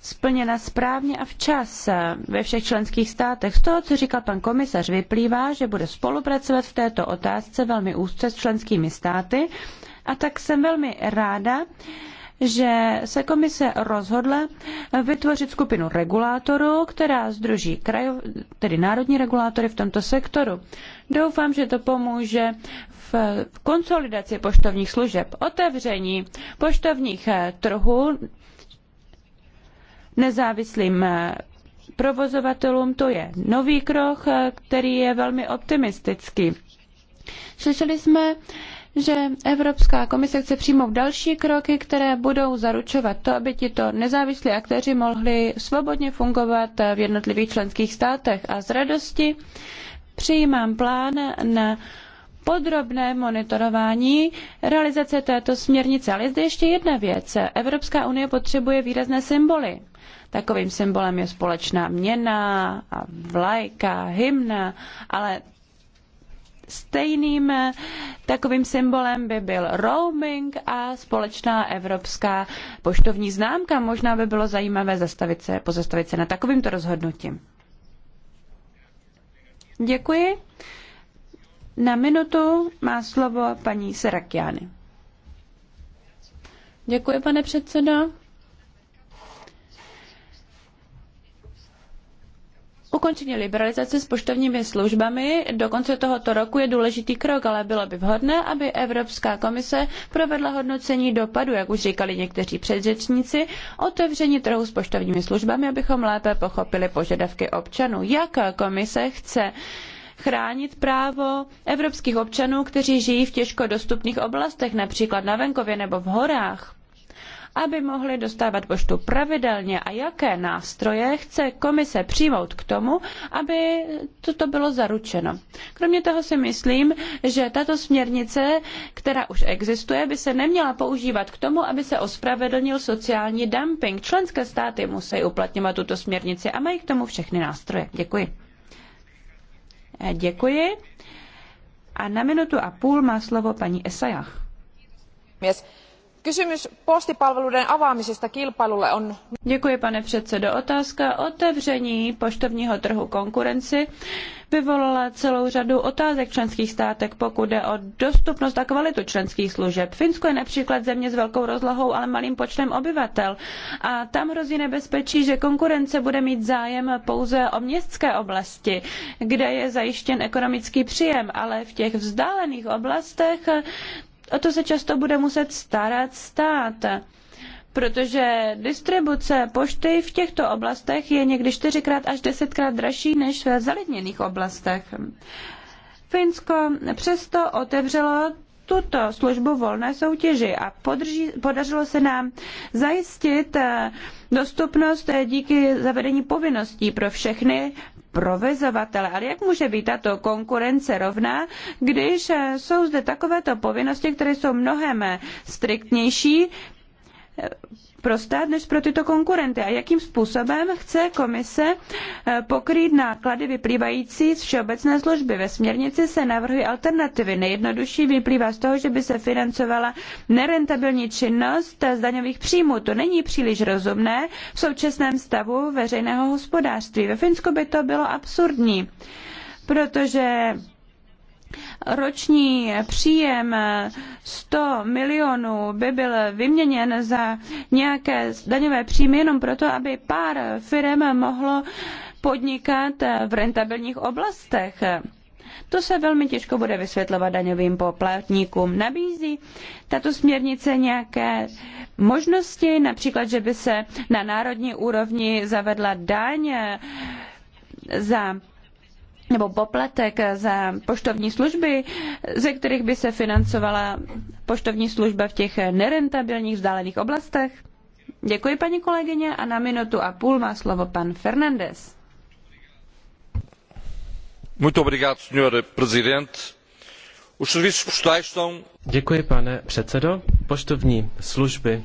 splněna správně a včas ve všech členských státech. Z toho, co říkal pan komisař, vyplývá, že bude spolupracovat v této otázce velmi úzce s členskými státy a tak jsem velmi ráda, že se komise rozhodla vytvořit skupinu regulátorů, která združí krajo, tedy národní regulátory v tomto sektoru. Doufám, že to pomůže v konsolidaci poštovních služeb, otevření poštovních eh, trhů nezávislým eh, provozovatelům. To je nový krok, eh, který je velmi optimistický. Slyšeli jsme, že Evropská komise chce přijmout další kroky, které budou zaručovat to, aby tito nezávislí aktéři mohli svobodně fungovat eh, v jednotlivých členských státech. A z radosti přijímám plán na podrobné monitorování realizace této směrnice. Ale je zde ještě jedna věc. Evropská unie potřebuje výrazné symboly. Takovým symbolem je společná měna a vlajka, hymna, ale stejným eh, takovým symbolem by byl roaming a společná evropská poštovní známka. Možná by bylo zajímavé zastavit se, pozastavit se na takovýmto rozhodnutím. Děkuji. Na minutu má slovo paní Serakiany. Děkuji, pane předsedo. Ukončení liberalizace s poštovními službami do konce tohoto roku je důležitý krok, ale bylo by vhodné, aby Evropská komise provedla hodnocení dopadu, jak už říkali někteří předřečníci, otevření trhu s poštovními službami, abychom lépe pochopili požadavky občanů. Jak komise chce chránit právo evropských občanů, kteří žijí v těžko dostupných oblastech, například na venkově nebo v horách? aby mohli dostávat poštu pravidelně a jaké nástroje chce komise přijmout k tomu, aby toto bylo zaručeno. Kromě toho si myslím, že tato směrnice, která už existuje, by se neměla používat k tomu, aby se ospravedlnil sociální dumping. Členské státy musí uplatňovat tuto směrnici a mají k tomu všechny nástroje. Děkuji. Eh, děkuji. A na minutu a půl má slovo paní Esajach. Yes. Kysymys postipalveluiden avaamisesta kilpailulle on... pane předsedající Otázka otevření poštovního trhu konkurenci vyvolala celou řadu otázek členských státech pokud jde o dostupnost a kvalitu členských služeb. Finsko je například země s velkou rozlohou, ale malým počtem obyvatel. A tam hrozí nebezpečí, že konkurence bude mít zájem pouze o městské oblasti, kde je zajištěn ekonomický příjem, ale v těch vzdálených oblastech o to se často bude muset starat stát protože distribuce pošty v těchto oblastech je někdy čtyřikrát až desetkrát dražší než v zalidněných oblastech. Finsko přesto otevřelo tuto službu volné soutěži a podrží, podařilo se nám zajistit eh, dostupnost eh, díky zavedení povinností pro všechny provozovatele. Ale jak může být tato konkurence rovná, když eh, jsou zde takovéto povinnosti, které jsou mnohem eh, striktnější, pro stát než pro tyto konkurenty a jakým způsobem chce komise eh, pokrýt náklady vyplývající z všeobecné služby. Ve směrnici se navrhují alternativy. Nejjednodušší vyplývá z toho, že by se financovala nerentabilní činnost z daňových příjmů. To není příliš rozumné v současném stavu veřejného hospodářství. Ve Finsku by to bylo absurdní, protože roční příjem 100 milionů by byl vyměněn za nějaké daňové příjmy jenom proto, aby pár firm mohlo podnikat v rentabilních oblastech. To se velmi těžko bude vysvětlovat daňovým poplatníkům. Nabízí tato směrnice nějaké možnosti, například, že by se na národní úrovni zavedla daň za nebo poplatek za poštovní služby, ze kterých by se financovala poštovní služba v těch nerentabilních vzdálených oblastech? Děkuji, paní kolegyně, a na minutu a půl má slovo pan Fernandez. Muito obrigado, senhor presidente. Os serviços postais Děkuji, pane předsedo. Poštovní služby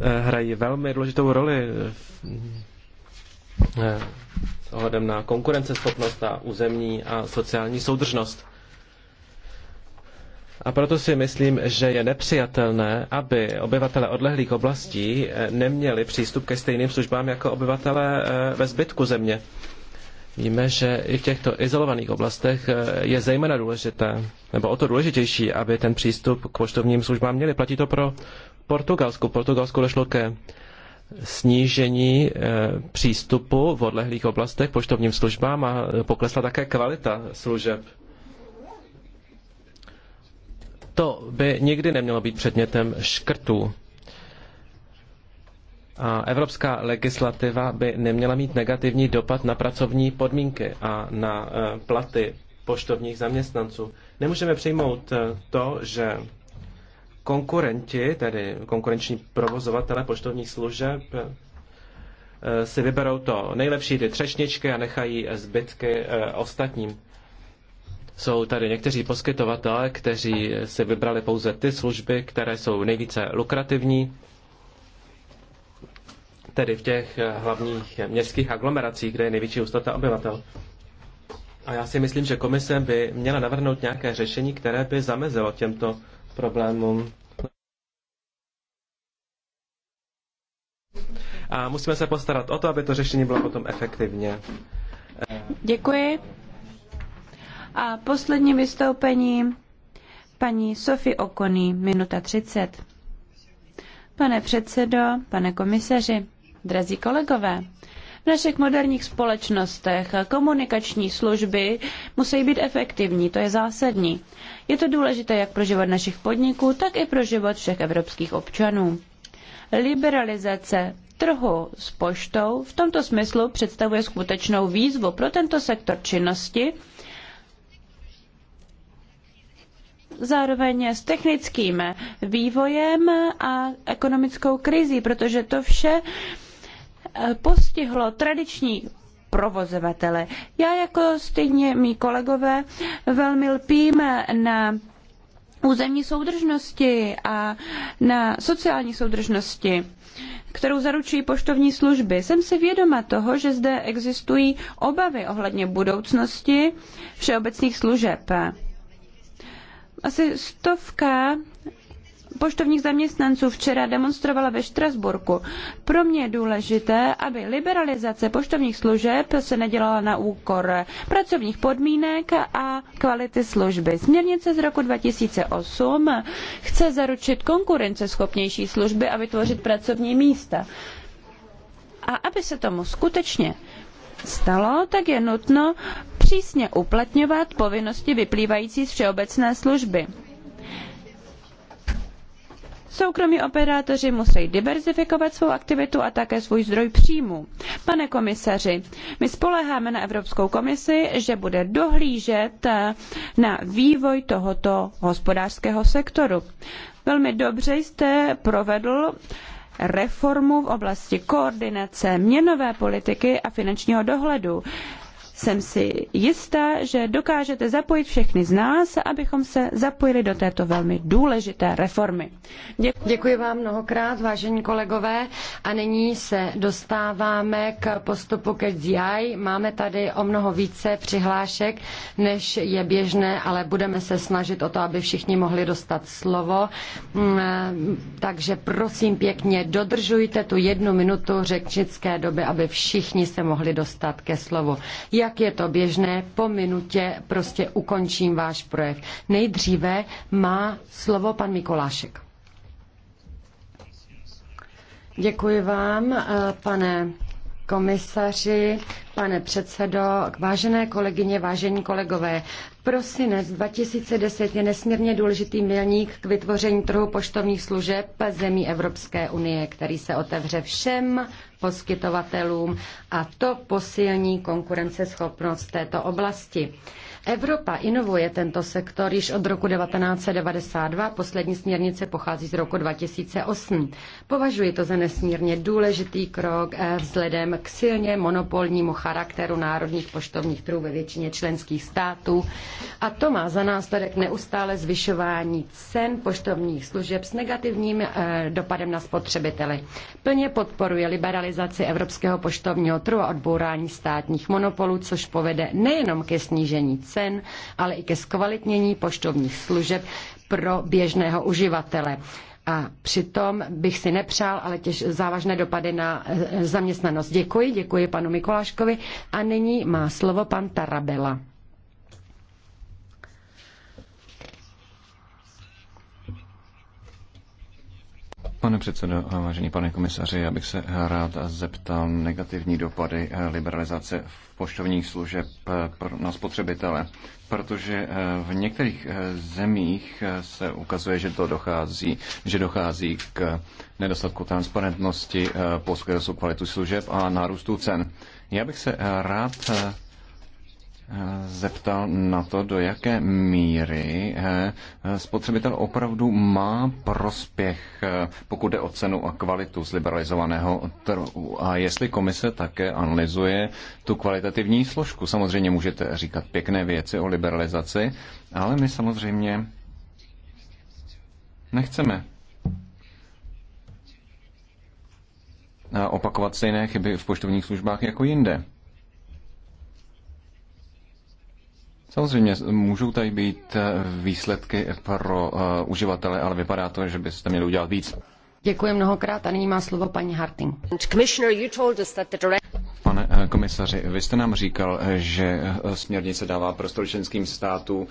eh, hrají velmi důležitou roli v Eh, s ohledem na konkurenceschopnost a územní a sociální soudržnost. A proto si myslím, že je nepřijatelné, aby obyvatele odlehlých oblastí eh, neměli přístup ke stejným službám jako obyvatele eh, ve zbytku země. Víme, že i v těchto izolovaných oblastech je zejména důležité, nebo o to důležitější, aby ten přístup k poštovním službám měli. Platí to pro Portugalsku. Portugalsku došlo ke snížení eh, přístupu v odlehlých oblastech poštovním službám a eh, poklesla také kvalita služeb. To by nikdy nemělo být předmětem škrtů. A evropská legislativa by neměla mít negativní dopad na pracovní podmínky a na eh, platy poštovních zaměstnanců. Nemůžeme přijmout to, že konkurenti, tedy konkurenční provozovatele poštovních služeb, eh, si vyberou to nejlepší, ty třešničky a nechají zbytky eh, ostatním. Jsou tady někteří poskytovatelé, kteří si vybrali pouze ty služby, které jsou nejvíce lukrativní, tedy v těch eh, hlavních městských aglomeracích, kde je největší hustota obyvatel. A já si myslím, že komise by měla navrhnout nějaké řešení, které by zamezilo těmto problémům. A musíme se postarat o to, aby to řešení bylo potom efektivně. Děkuji. A poslední vystoupení paní Sofie Okony, minuta 30. Pane předsedo, pane komisaři, drazí kolegové, v našich moderních společnostech komunikační služby musí být efektivní, to je zásadní. Je to důležité jak pro život našich podniků, tak i pro život všech evropských občanů. Liberalizace trhu s poštou v tomto smyslu představuje skutečnou výzvu pro tento sektor činnosti, zároveň s technickým vývojem a ekonomickou krizí, protože to vše Eh, postihlo tradiční provozovatele. Já jako stejně mý kolegové velmi lpím na územní soudržnosti a na sociální soudržnosti, kterou zaručují poštovní služby. Jsem si vědoma toho, že zde existují obavy ohledně budoucnosti všeobecných služeb. Asi stovka poštovních zaměstnanců včera demonstrovala ve Štrasburku. Pro mě je důležité, aby liberalizace poštovních služeb se nedělala na úkor pracovních podmínek a kvality služby. Směrnice z roku 2008 chce zaručit konkurenceschopnější služby a vytvořit pracovní místa. A aby se tomu skutečně stalo, tak je nutno přísně uplatňovat povinnosti vyplývající z všeobecné služby Soukromí operátoři musí diverzifikovat svou aktivitu a také svůj zdroj příjmů. Pane komisaři, my spoleháme na Evropskou komisi, že bude dohlížet eh, na vývoj tohoto hospodářského sektoru. Velmi dobře jste provedl reformu v oblasti koordinace měnové politiky a finančního dohledu. Jsem si jistá, že dokážete zapojit všechny z nás, abychom se zapojili do této velmi důležité reformy. Děkuji, vám mnohokrát, vážení kolegové. A nyní se dostáváme k postupu ke DI. Máme tady o mnoho více přihlášek, než je běžné, ale budeme se snažit o to, aby všichni mohli dostat slovo. Mm, takže prosím pěkně, dodržujte tu jednu minutu řečnické doby, aby všichni se mohli dostat ke slovu. Jak jak je to běžné, po minutě prostě ukončím váš projev. Nejdříve má slovo pan Mikolášek. Děkuji vám, eh, pane komisaři, pane předsedo, vážené kolegyně, vážení kolegové. Prosinec 2010 je nesmírně důležitý milník k vytvoření trhu poštovních služeb zemí Evropské unie, který se otevře všem poskytovatelům a to posílí konkurenceschopnost této oblasti. Evropa inovuje tento sektor již od roku 1992, poslední směrnice pochází z roku 2008. Považuji to za nesmírně důležitý krok eh, vzhledem k silně monopolnímu charakteru národních poštovních trů ve většině členských států a to má za následek neustále zvyšování cen poštovních služeb s negativním eh, dopadem na spotřebitele. Plně podporuje liberalizaci evropského poštovního trhu a odbourání státních monopolů, což povede nejenom ke snížení cen, cen, ale i ke zkvalitnění poštovních služeb pro běžného uživatele. A přitom bych si nepřál, ale těž závažné dopady na e, zaměstnanost. Děkuji, děkuji panu Mikoláškovi. A nyní má slovo pan Tarabela. Pane předsedo, vážený pane komisaři, já bych se rád zeptal negativní dopady liberalizace v poštovních služeb na spotřebitele, protože eh, v některých eh, zemích eh, se ukazuje, že to dochází, že dochází k nedostatku transparentnosti, poskytnosti kvalitu služeb a nárůstu cen. Já bych se rád zeptal na to, do jaké míry eh, spotřebitel opravdu má prospěch, eh, pokud jde o cenu a kvalitu z liberalizovaného trhu. A jestli komise také analyzuje tu kvalitativní složku. Samozřejmě můžete říkat pěkné věci o liberalizaci, ale my samozřejmě nechceme eh, opakovat stejné chyby v poštovních službách jako jinde. Samozřejmě můžou tady být eh, výsledky pro uh, uživatele, ale vypadá to, že byste měli udělat víc. Děkuji mnohokrát a nyní má slovo paní Harting. Eh, komisaři, vy jste nám říkal, eh, že eh, směrnice dává prostor členským státům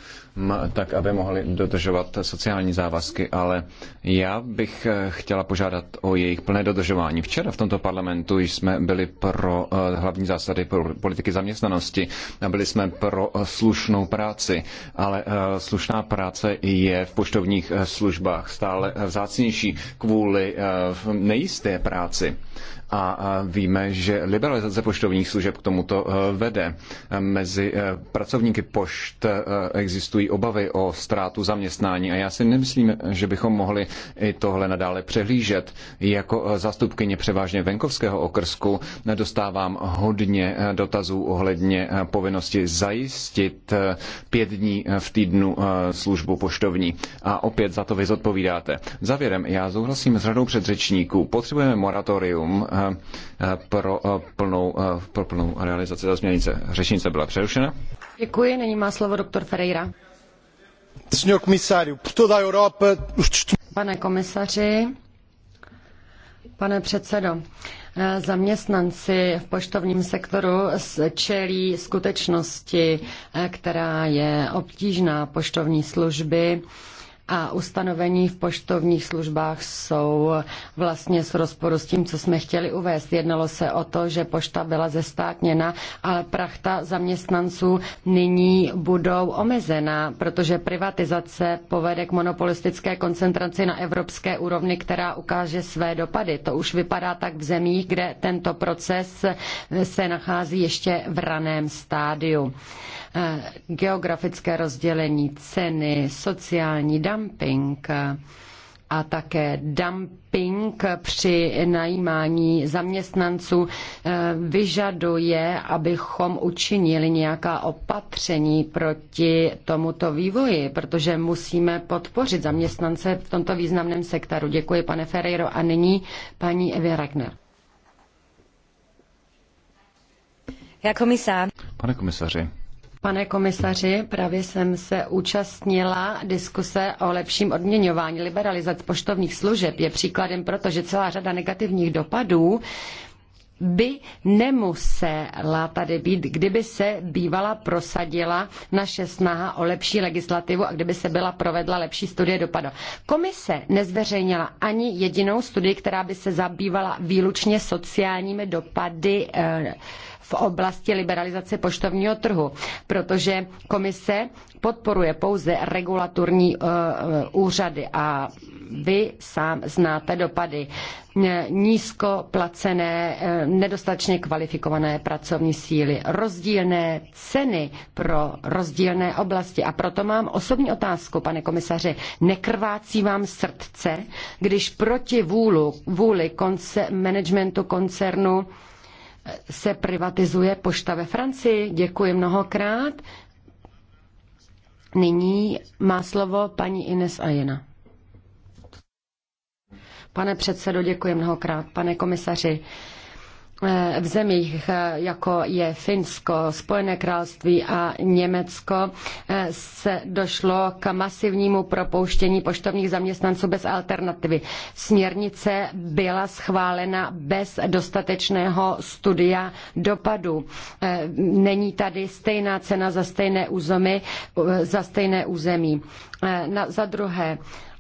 tak, aby mohli dodržovat sociální závazky, ale já bych chtěla požádat o jejich plné dodržování. Včera v tomto parlamentu jsme byli pro hlavní zásady politiky zaměstnanosti a byli jsme pro slušnou práci, ale slušná práce je v poštovních službách stále vzácnější kvůli nejisté práci. A víme, že liberalizace poštovní poštovních služeb k tomuto eh, vede. Eh, mezi eh, pracovníky pošt existují obavy o ztrátu zaměstnání a já si nemyslím, že bychom mohli i tohle nadále přehlížet. Jako zástupkyně převážně venkovského okrsku dostávám hodně dotazů ohledně povinnosti zajistit pět dní v týdnu službu poštovní. A opět za to vy zodpovídáte. Závěrem, já souhlasím s řadou předřečníků. Potřebujeme moratorium pro plnou pro plnou realizaci té směrnice. Řečnice byla přerušena. Děkuji, nyní má slovo doktor Ferreira. Pane komisaři, pane předsedo, eh, Zaměstnanci v poštovním sektoru čelí skutečnosti, eh, která je obtížná poštovní služby a ustanovení v poštovních službách jsou vlastně s rozporu s tím, co jsme chtěli uvést. Jednalo se o to, že pošta byla zestátněna, ale prachta zaměstnanců nyní budou omezená, protože privatizace povede k monopolistické koncentraci na evropské úrovni, která ukáže své dopady. To už vypadá tak v zemích, kde tento proces se nachází ještě v raném stádiu. Eh, geografické rozdělení, ceny, sociální dumping eh, a také dumping při najímání zaměstnanců eh, vyžaduje, abychom učinili nějaká opatření proti tomuto vývoji, protože musíme podpořit zaměstnance v tomto významném sektoru. Děkuji, pane Ferreiro. A nyní paní Evě Ragner. Pane komisaři, Pane komisaři, právě jsem se účastnila diskuse o lepším odměňování. Liberalizace poštovních služeb je příkladem proto, že celá řada negativních dopadů by nemusela tady být, kdyby se bývala prosadila naše snaha o lepší legislativu a kdyby se byla provedla lepší studie dopadu. Komise nezveřejnila ani jedinou studii, která by se zabývala výlučně sociálními dopady eh, v oblasti liberalizace poštovního trhu, protože komise podporuje pouze regulatorní eh, eh, úřady a vy sám znáte dopady. Nízko placené, eh, nedostatečně kvalifikované pracovní síly, rozdílné ceny pro rozdílné oblasti. A proto mám osobní otázku, pane komisaři. Nekrvácí vám srdce, když proti vůlu, vůli konce, managementu koncernu se privatizuje pošta ve Francii. Děkuji mnohokrát. Nyní má slovo paní Ines Ajena. Pane předsedo, děkuji mnohokrát. Pane komisaři, Eh, v zemích, eh, jako je Finsko, Spojené království a Německo, eh, se došlo k masivnímu propouštění poštovních zaměstnanců bez alternativy. Směrnice byla schválena bez dostatečného studia dopadu. Není tady stejná cena za stejné území. Za, stejné území. Na, za druhé,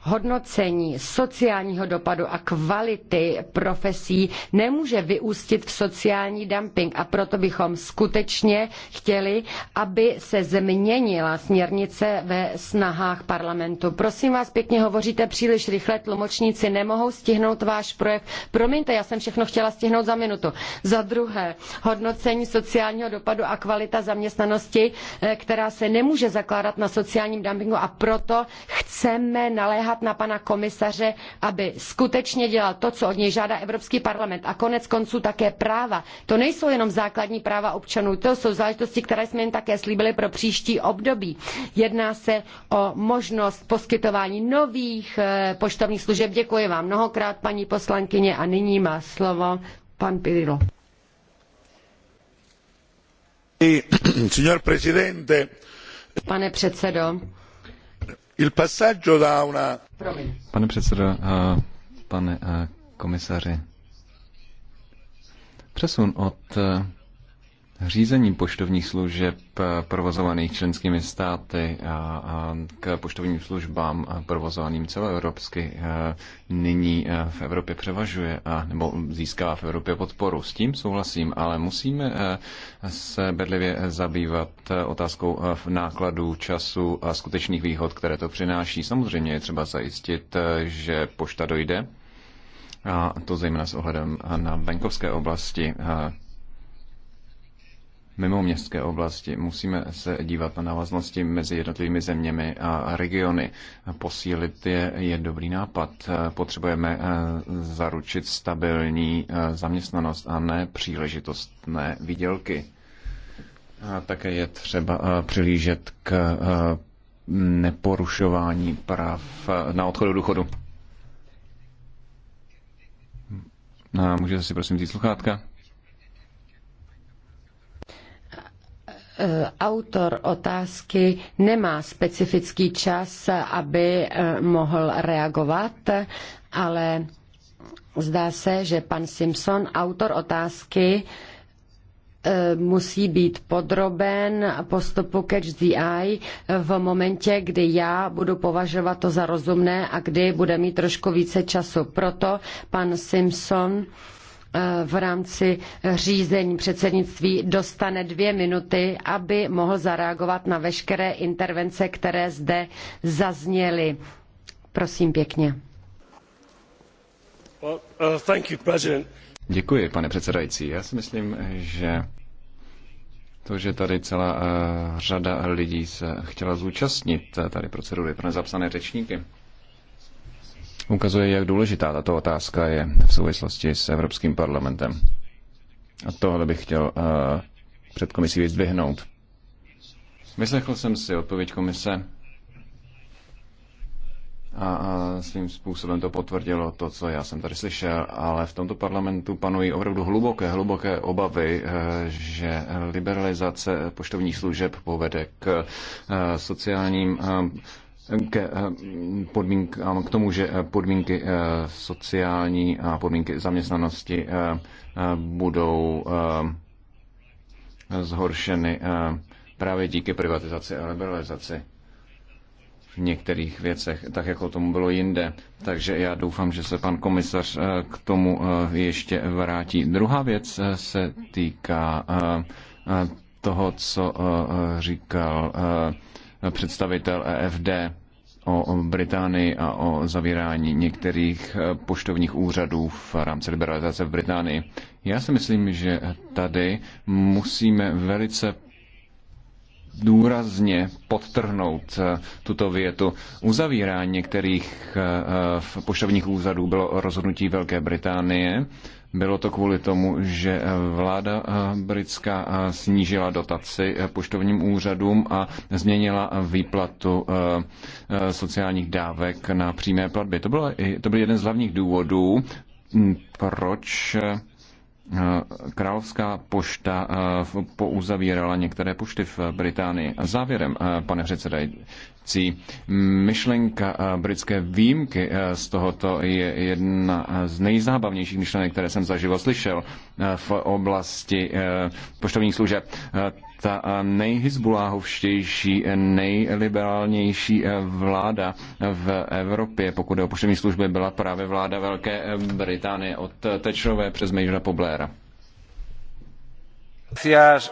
hodnocení sociálního dopadu a kvality profesí nemůže vyústit v sociální dumping a proto bychom skutečně chtěli, aby se změnila směrnice ve snahách parlamentu. Prosím vás, pěkně hovoříte příliš rychle, tlumočníci nemohou stihnout váš projev. Promiňte, já jsem všechno chtěla stihnout za minutu. Za druhé, hodnocení sociálního dopadu a kvalita zaměstnanosti, eh, která se nemůže zakládat na sociálním dumpingu a proto chceme naléhat apelovat na pana komisaře, aby skutečně dělal to, co od něj žádá Evropský parlament a konec konců také práva. To nejsou jenom základní práva občanů, to jsou záležitosti, které jsme jim také slíbili pro příští období. Jedná se o možnost poskytování nových eh, poštovních služeb. Děkuji vám mnohokrát, paní poslankyně, a nyní má slovo pan Pirilo. Pane předsedo, Il da una... Pane předsedo, eh, pane eh, komisaři, přesun od eh, řízení poštovních služeb eh, provozovaných členskými státy a k poštovním službám eh, provozovaným celoevropsky eh, nyní v Evropě převažuje a nebo získá v Evropě podporu. S tím souhlasím, ale musíme se bedlivě zabývat otázkou v nákladu, času a skutečných výhod, které to přináší. Samozřejmě je třeba zajistit, že pošta dojde, a to zejména s ohledem na venkovské oblasti mimo městské oblasti. Musíme se dívat na návaznosti mezi jednotlivými zeměmi a regiony. Posílit je je dobrý nápad. Potřebujeme eh, zaručit stabilní eh, zaměstnanost a ne příležitostné výdělky. A také je třeba eh, přilížet k neporušování práv na odchodu důchodu. Můžete si prosím vzít sluchátka? Eh, autor otázky nemá specifický čas, aby eh, mohl reagovat, ale zdá se, že pan Simpson, autor otázky, eh, musí být podroben postupu Catch the Eye v momentě, kdy já budu považovat to za rozumné a kdy bude mít trošku více času. Proto pan Simpson v rámci řízení předsednictví dostane dvě minuty, aby mohl zareagovat na veškeré intervence, které zde zazněly. Prosím pěkně. Uh, Děkuji, pane předsedající. Já si myslím, že to, že tady celá uh, řada lidí se chtěla zúčastnit uh, tady procedury pro nezapsané řečníky, ukazuje, jak důležitá tato otázka je v souvislosti s Evropským parlamentem. A tohle bych chtěl uh, před komisí vyzdvihnout. Vyslechl jsem si odpověď komise a, a svým způsobem to potvrdilo to, co já jsem tady slyšel, ale v tomto parlamentu panují opravdu hluboké, hluboké obavy, eh, že liberalizace poštovních služeb povede k eh, sociálním k eh, podmínkám, eh, k tomu, že eh, podmínky sociální a podmínky zaměstnanosti budou zhoršeny právě díky privatizaci a liberalizaci v některých věcech, tak jako tomu bylo jinde. Takže já doufám, že se pan komisař k tomu ještě vrátí. Druhá věc se týká toho, co říkal představitel EFD o Británii a o zavírání některých eh, poštovních úřadů v rámci liberalizace v Británii. Já si myslím, že tady musíme velice důrazně podtrhnout eh, tuto větu. Uzavírání některých eh, poštovních úřadů bylo rozhodnutí Velké Británie bylo to kvůli tomu, že vláda eh, britská eh, snížila dotaci eh, poštovním úřadům a změnila výplatu sociálních dávek na přímé platby. To, bylo, to byl jeden z hlavních důvodů, hm, proč Královská pošta pouzavírala některé pošty v Británii. Závěrem, pane předsedající, akcí. Myšlenka eh, britské výjimky eh, z tohoto je jedna z nejzábavnějších myšlenek, které jsem za slyšel eh, v oblasti poštovních služeb. Ta nejhizbuláhovštější, nejliberálnější vláda v Evropě, pokud je o poštovní služby, byla právě vláda Velké Británie od Tečrové přes Majora Poblera. Gracias.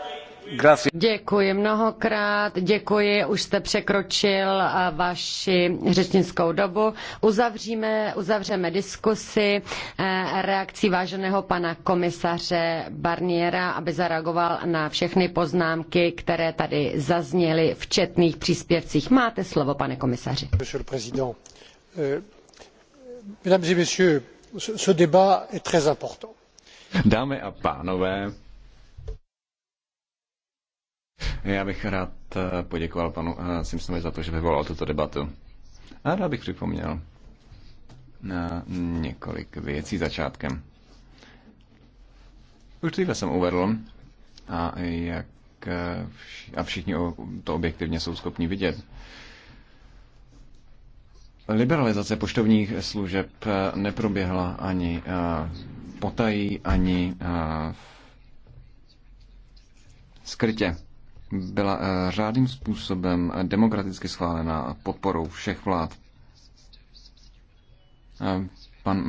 Děkuji mnohokrát, děkuji, už jste překročil vaši řečnickou dobu. Uzavříme, uzavřeme diskusi e, reakcí váženého pana komisaře Barniera, aby zareagoval na všechny poznámky, které tady zazněly v četných příspěvcích. Máte slovo, pane komisaři. E, Dámy a pánové, já bych rád eh, poděkoval panu eh, Simpsonovi za to, že vyvolal tuto debatu. A rád bych připomněl na eh, několik věcí začátkem. Už dříve jsem uvedl, a jak a všichni to objektivně jsou schopni vidět, Liberalizace poštovních služeb neproběhla ani potají, ani skrytě byla eh, řádným způsobem demokraticky schválena podporou všech vlád. Eh, pan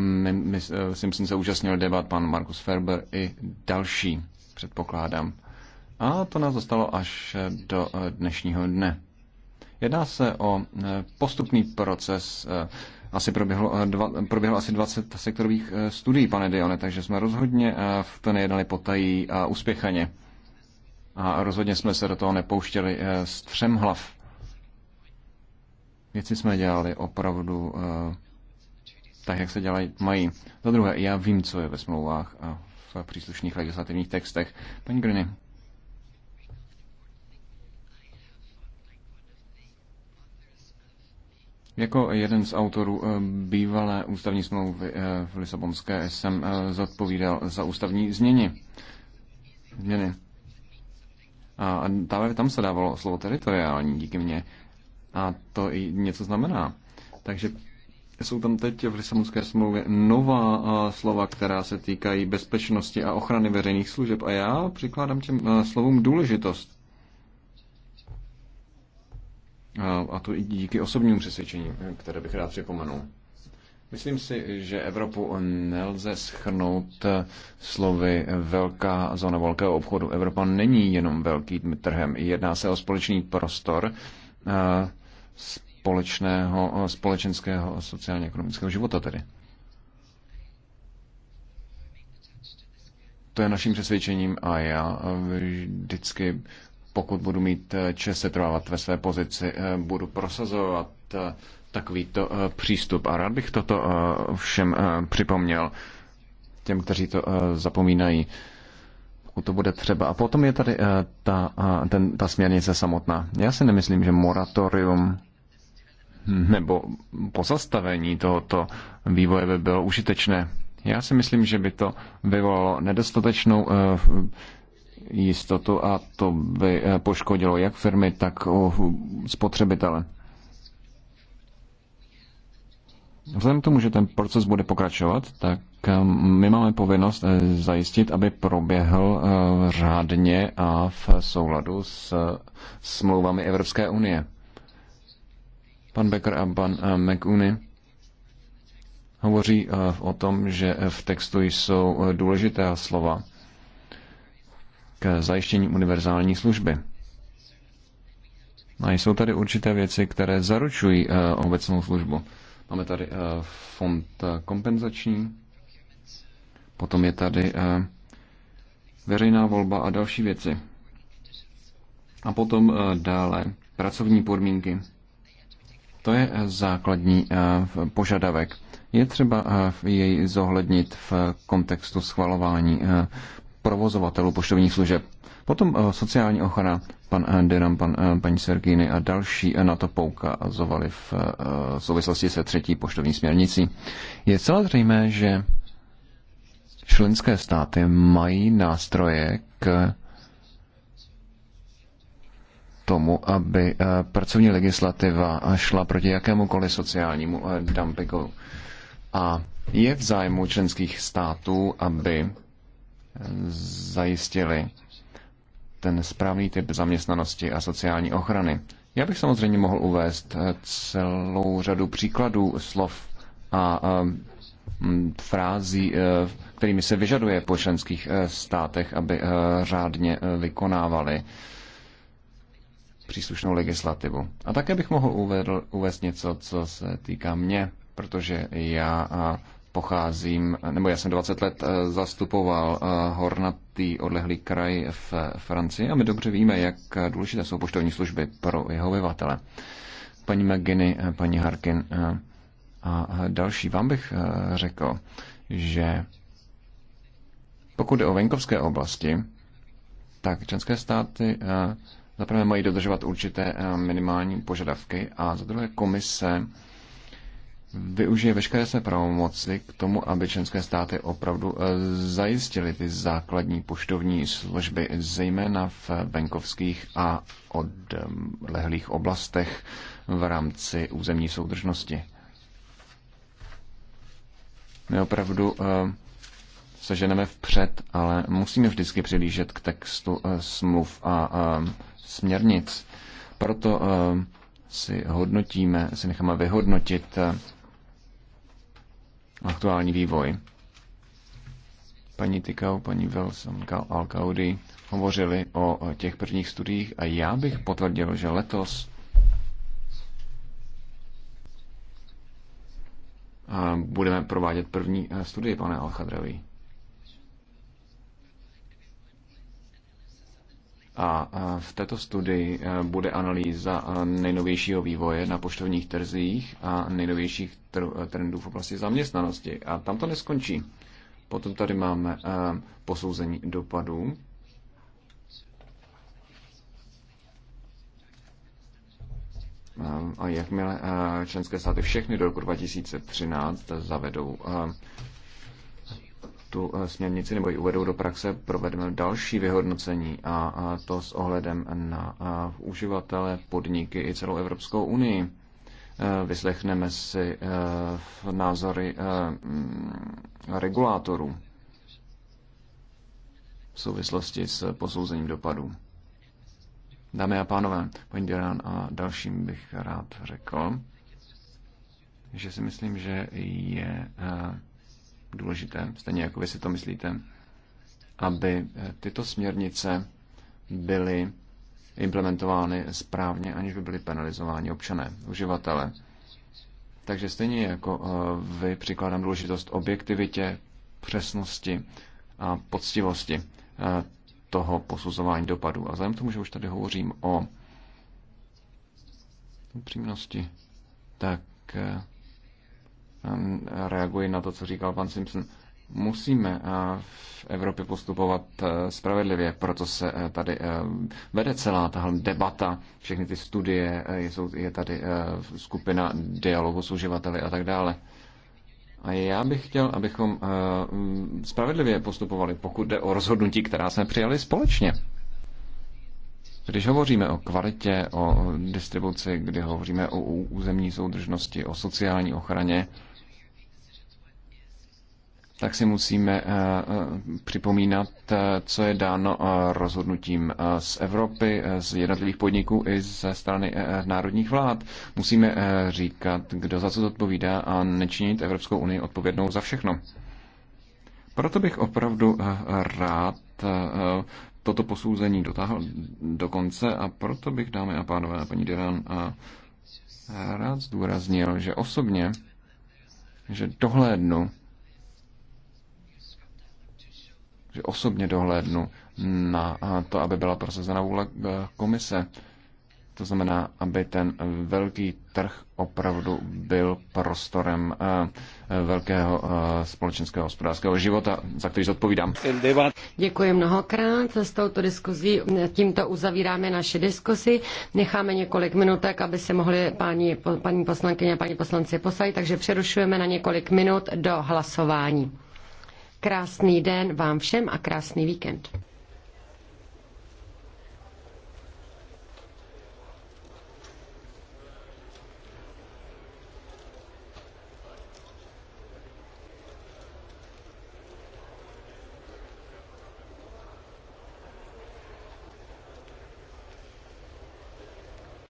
eh, Simpson se účastnil debat, pan Markus Ferber i další, předpokládám. A to nás dostalo až do dnešního dne. Jedná se o postupný proces. Asi proběhlo, dva, proběhlo asi 20 sektorových studií, pane Dione, takže jsme rozhodně v to nejednali potají a uspěchaně. A rozhodně jsme se do toho nepouštěli eh, z třem hlav. Věci jsme dělali opravdu eh, tak, jak se dělají mají. Za druhé, já vím, co je ve smlouvách a v příslušných legislativních textech. Paní Griny, Jako jeden z autorů eh, bývalé ústavní smlouvy v Lisabonské jsem zodpovídal za ústavní změny. změny. A tam, tam se dávalo slovo teritoriální díky mně. A to i něco znamená. Takže jsou tam teď v Lisabonské smlouvě nová slova, která se týkají bezpečnosti a ochrany veřejných služeb. A já přikládám těm slovům důležitost. A to i díky osobnímu přesvědčení, které bych rád připomenul. Myslím si, že Evropu nelze schrnout eh, slovy eh, velká zóna velkého obchodu. Evropa není jenom velkým trhem. Jedná se o společný prostor eh, společného, společenského sociálně-ekonomického života tedy. To je naším přesvědčením a já vždycky, pokud budu mít čest se trvávat ve své pozici, budu prosazovat takovýto eh, přístup. A rád bych toto eh, všem eh, připomněl těm, kteří to zapomínají, pokud to bude třeba. A potom je tady ta, ten, ta směrnice samotná. Já si nemyslím, že moratorium nebo pozastavení tohoto vývoje by bylo užitečné. Já si myslím, že by to vyvolalo nedostatečnou jistotu a to by poškodilo jak firmy, tak spotřebitele. Vzhledem k tomu, že ten proces bude pokračovat, tak um, my máme povinnost eh, zajistit, aby proběhl eh, řádně a v souladu s smlouvami Evropské unie. Pan Becker a pan eh, McUny hovoří o tom, že v textu jsou důležité slova k zajištění univerzální služby. A jsou tady určité věci, které zaručují obecnou službu. Máme tady eh, fond eh, kompenzační, potom je tady eh, veřejná volba a další věci. A potom dále pracovní podmínky. To je základní požadavek. Je třeba jej zohlednit v kontextu schvalování provozovatelů poštovních služeb. Potom eh, sociální ochrana, pan eh, Denam, pan, eh, paní Sergini a další na to poukazovali v souvislosti se třetí poštovní směrnicí. Je celá zřejmé, že členské státy mají nástroje k tomu, aby pracovní legislativa šla proti jakémukoliv sociálnímu dumpingu. A je v zájmu členských států, aby zajistili ten správný typ zaměstnanosti a sociální ochrany. Já bych samozřejmě mohl uvést eh, celou řadu příkladů slov a eh, frází, eh, kterými se vyžaduje po členských státech, aby řádně vykonávali příslušnou legislativu. A také bych mohl uvést něco, co se týká mě, protože já pocházím, nebo já jsem 20 let eh, zastupoval eh, hornatý odlehlý kraj v Francii a my dobře víme, jak důležité jsou poštovní služby pro jeho obyvatele. Paní McGinny, eh, paní Harkin a další, vám bych řekl, že pokud jde o venkovské oblasti, tak členské státy zaprvé mají dodržovat určité minimální požadavky a za druhé komise využije veškeré své pravomoci k tomu, aby členské státy opravdu eh, zajistily ty základní poštovní služby, zejména v venkovských a odlehlých oblastech v rámci územní soudržnosti. My opravdu eh, se ženeme vpřed, ale musíme vždycky přilížet k textu eh, smluv a směrnic. Proto si hodnotíme, si necháme vyhodnotit aktuální vývoj. Paní Tykau, paní Al Kaudi hovořili o těch prvních studiích a já bych potvrdil, že letos budeme provádět první eh, studii, pane Alchadrovi. A v této studii e, bude analýza e, nejnovějšího vývoje na poštovních trzích a nejnovějších e, trendů v oblasti zaměstnanosti. A tam to neskončí. Potom tady máme posouzení dopadů. A jakmile členské státy všechny do roku 2013 zavedou tu eh, směrnici nebo ji uvedou do praxe, provedeme další vyhodnocení a to s ohledem na eh, uživatele, podniky i celou Evropskou unii. Eh, vyslechneme si názory mm, regulátorů v souvislosti s posouzením dopadů. Dámy a pánové, paní Děran a dalším bych rád řekl, že si myslím, že je důležité, stejně jako vy si to myslíte, aby eh, tyto směrnice byly implementovány správně, aniž by byly penalizováni občané, uživatele. Takže stejně jako eh, vy přikládám důležitost objektivitě, přesnosti a poctivosti eh, toho posuzování dopadů. A vzhledem k tomu, že už tady hovořím o upřímnosti, tak reaguji na to, co říkal pan Simpson. Musíme eh, v Evropě postupovat eh, spravedlivě, proto se eh, tady vede celá tahle debata, všechny ty studie, je tady skupina dialogu s uživateli a tak dále. A já bych chtěl, abychom spravedlivě postupovali, pokud jde o rozhodnutí, která jsme přijali společně. Když hovoříme o kvalitě, o distribuci, kdy hovoříme o územní soudržnosti, o sociální ochraně, tak si musíme eh, eh, připomínat, eh, co je dáno rozhodnutím z Evropy, z jednotlivých podniků i ze strany národních vlád. Musíme říkat, kdo za co odpovídá a nečinit Evropskou unii odpovědnou za všechno. Proto bych opravdu rád toto posouzení dotáhl do konce a proto bych, dámy a pánové, paní Diran, rád zdůraznil, že osobně, že dohlédnu že osobně dohlédnu na to, aby byla prosazena vůle e, komise. To znamená, aby ten velký trh opravdu byl prostorem e, velkého e, společenského hospodářského života, za který zodpovídám. Děkuji mnohokrát. S touto diskuzí tímto uzavíráme naše diskusi. Necháme několik minutek, aby se mohli páni, paní poslankyně a paní poslanci posadit, takže přerušujeme na několik minut do hlasování. Krásný den vám všem a krásný víkend.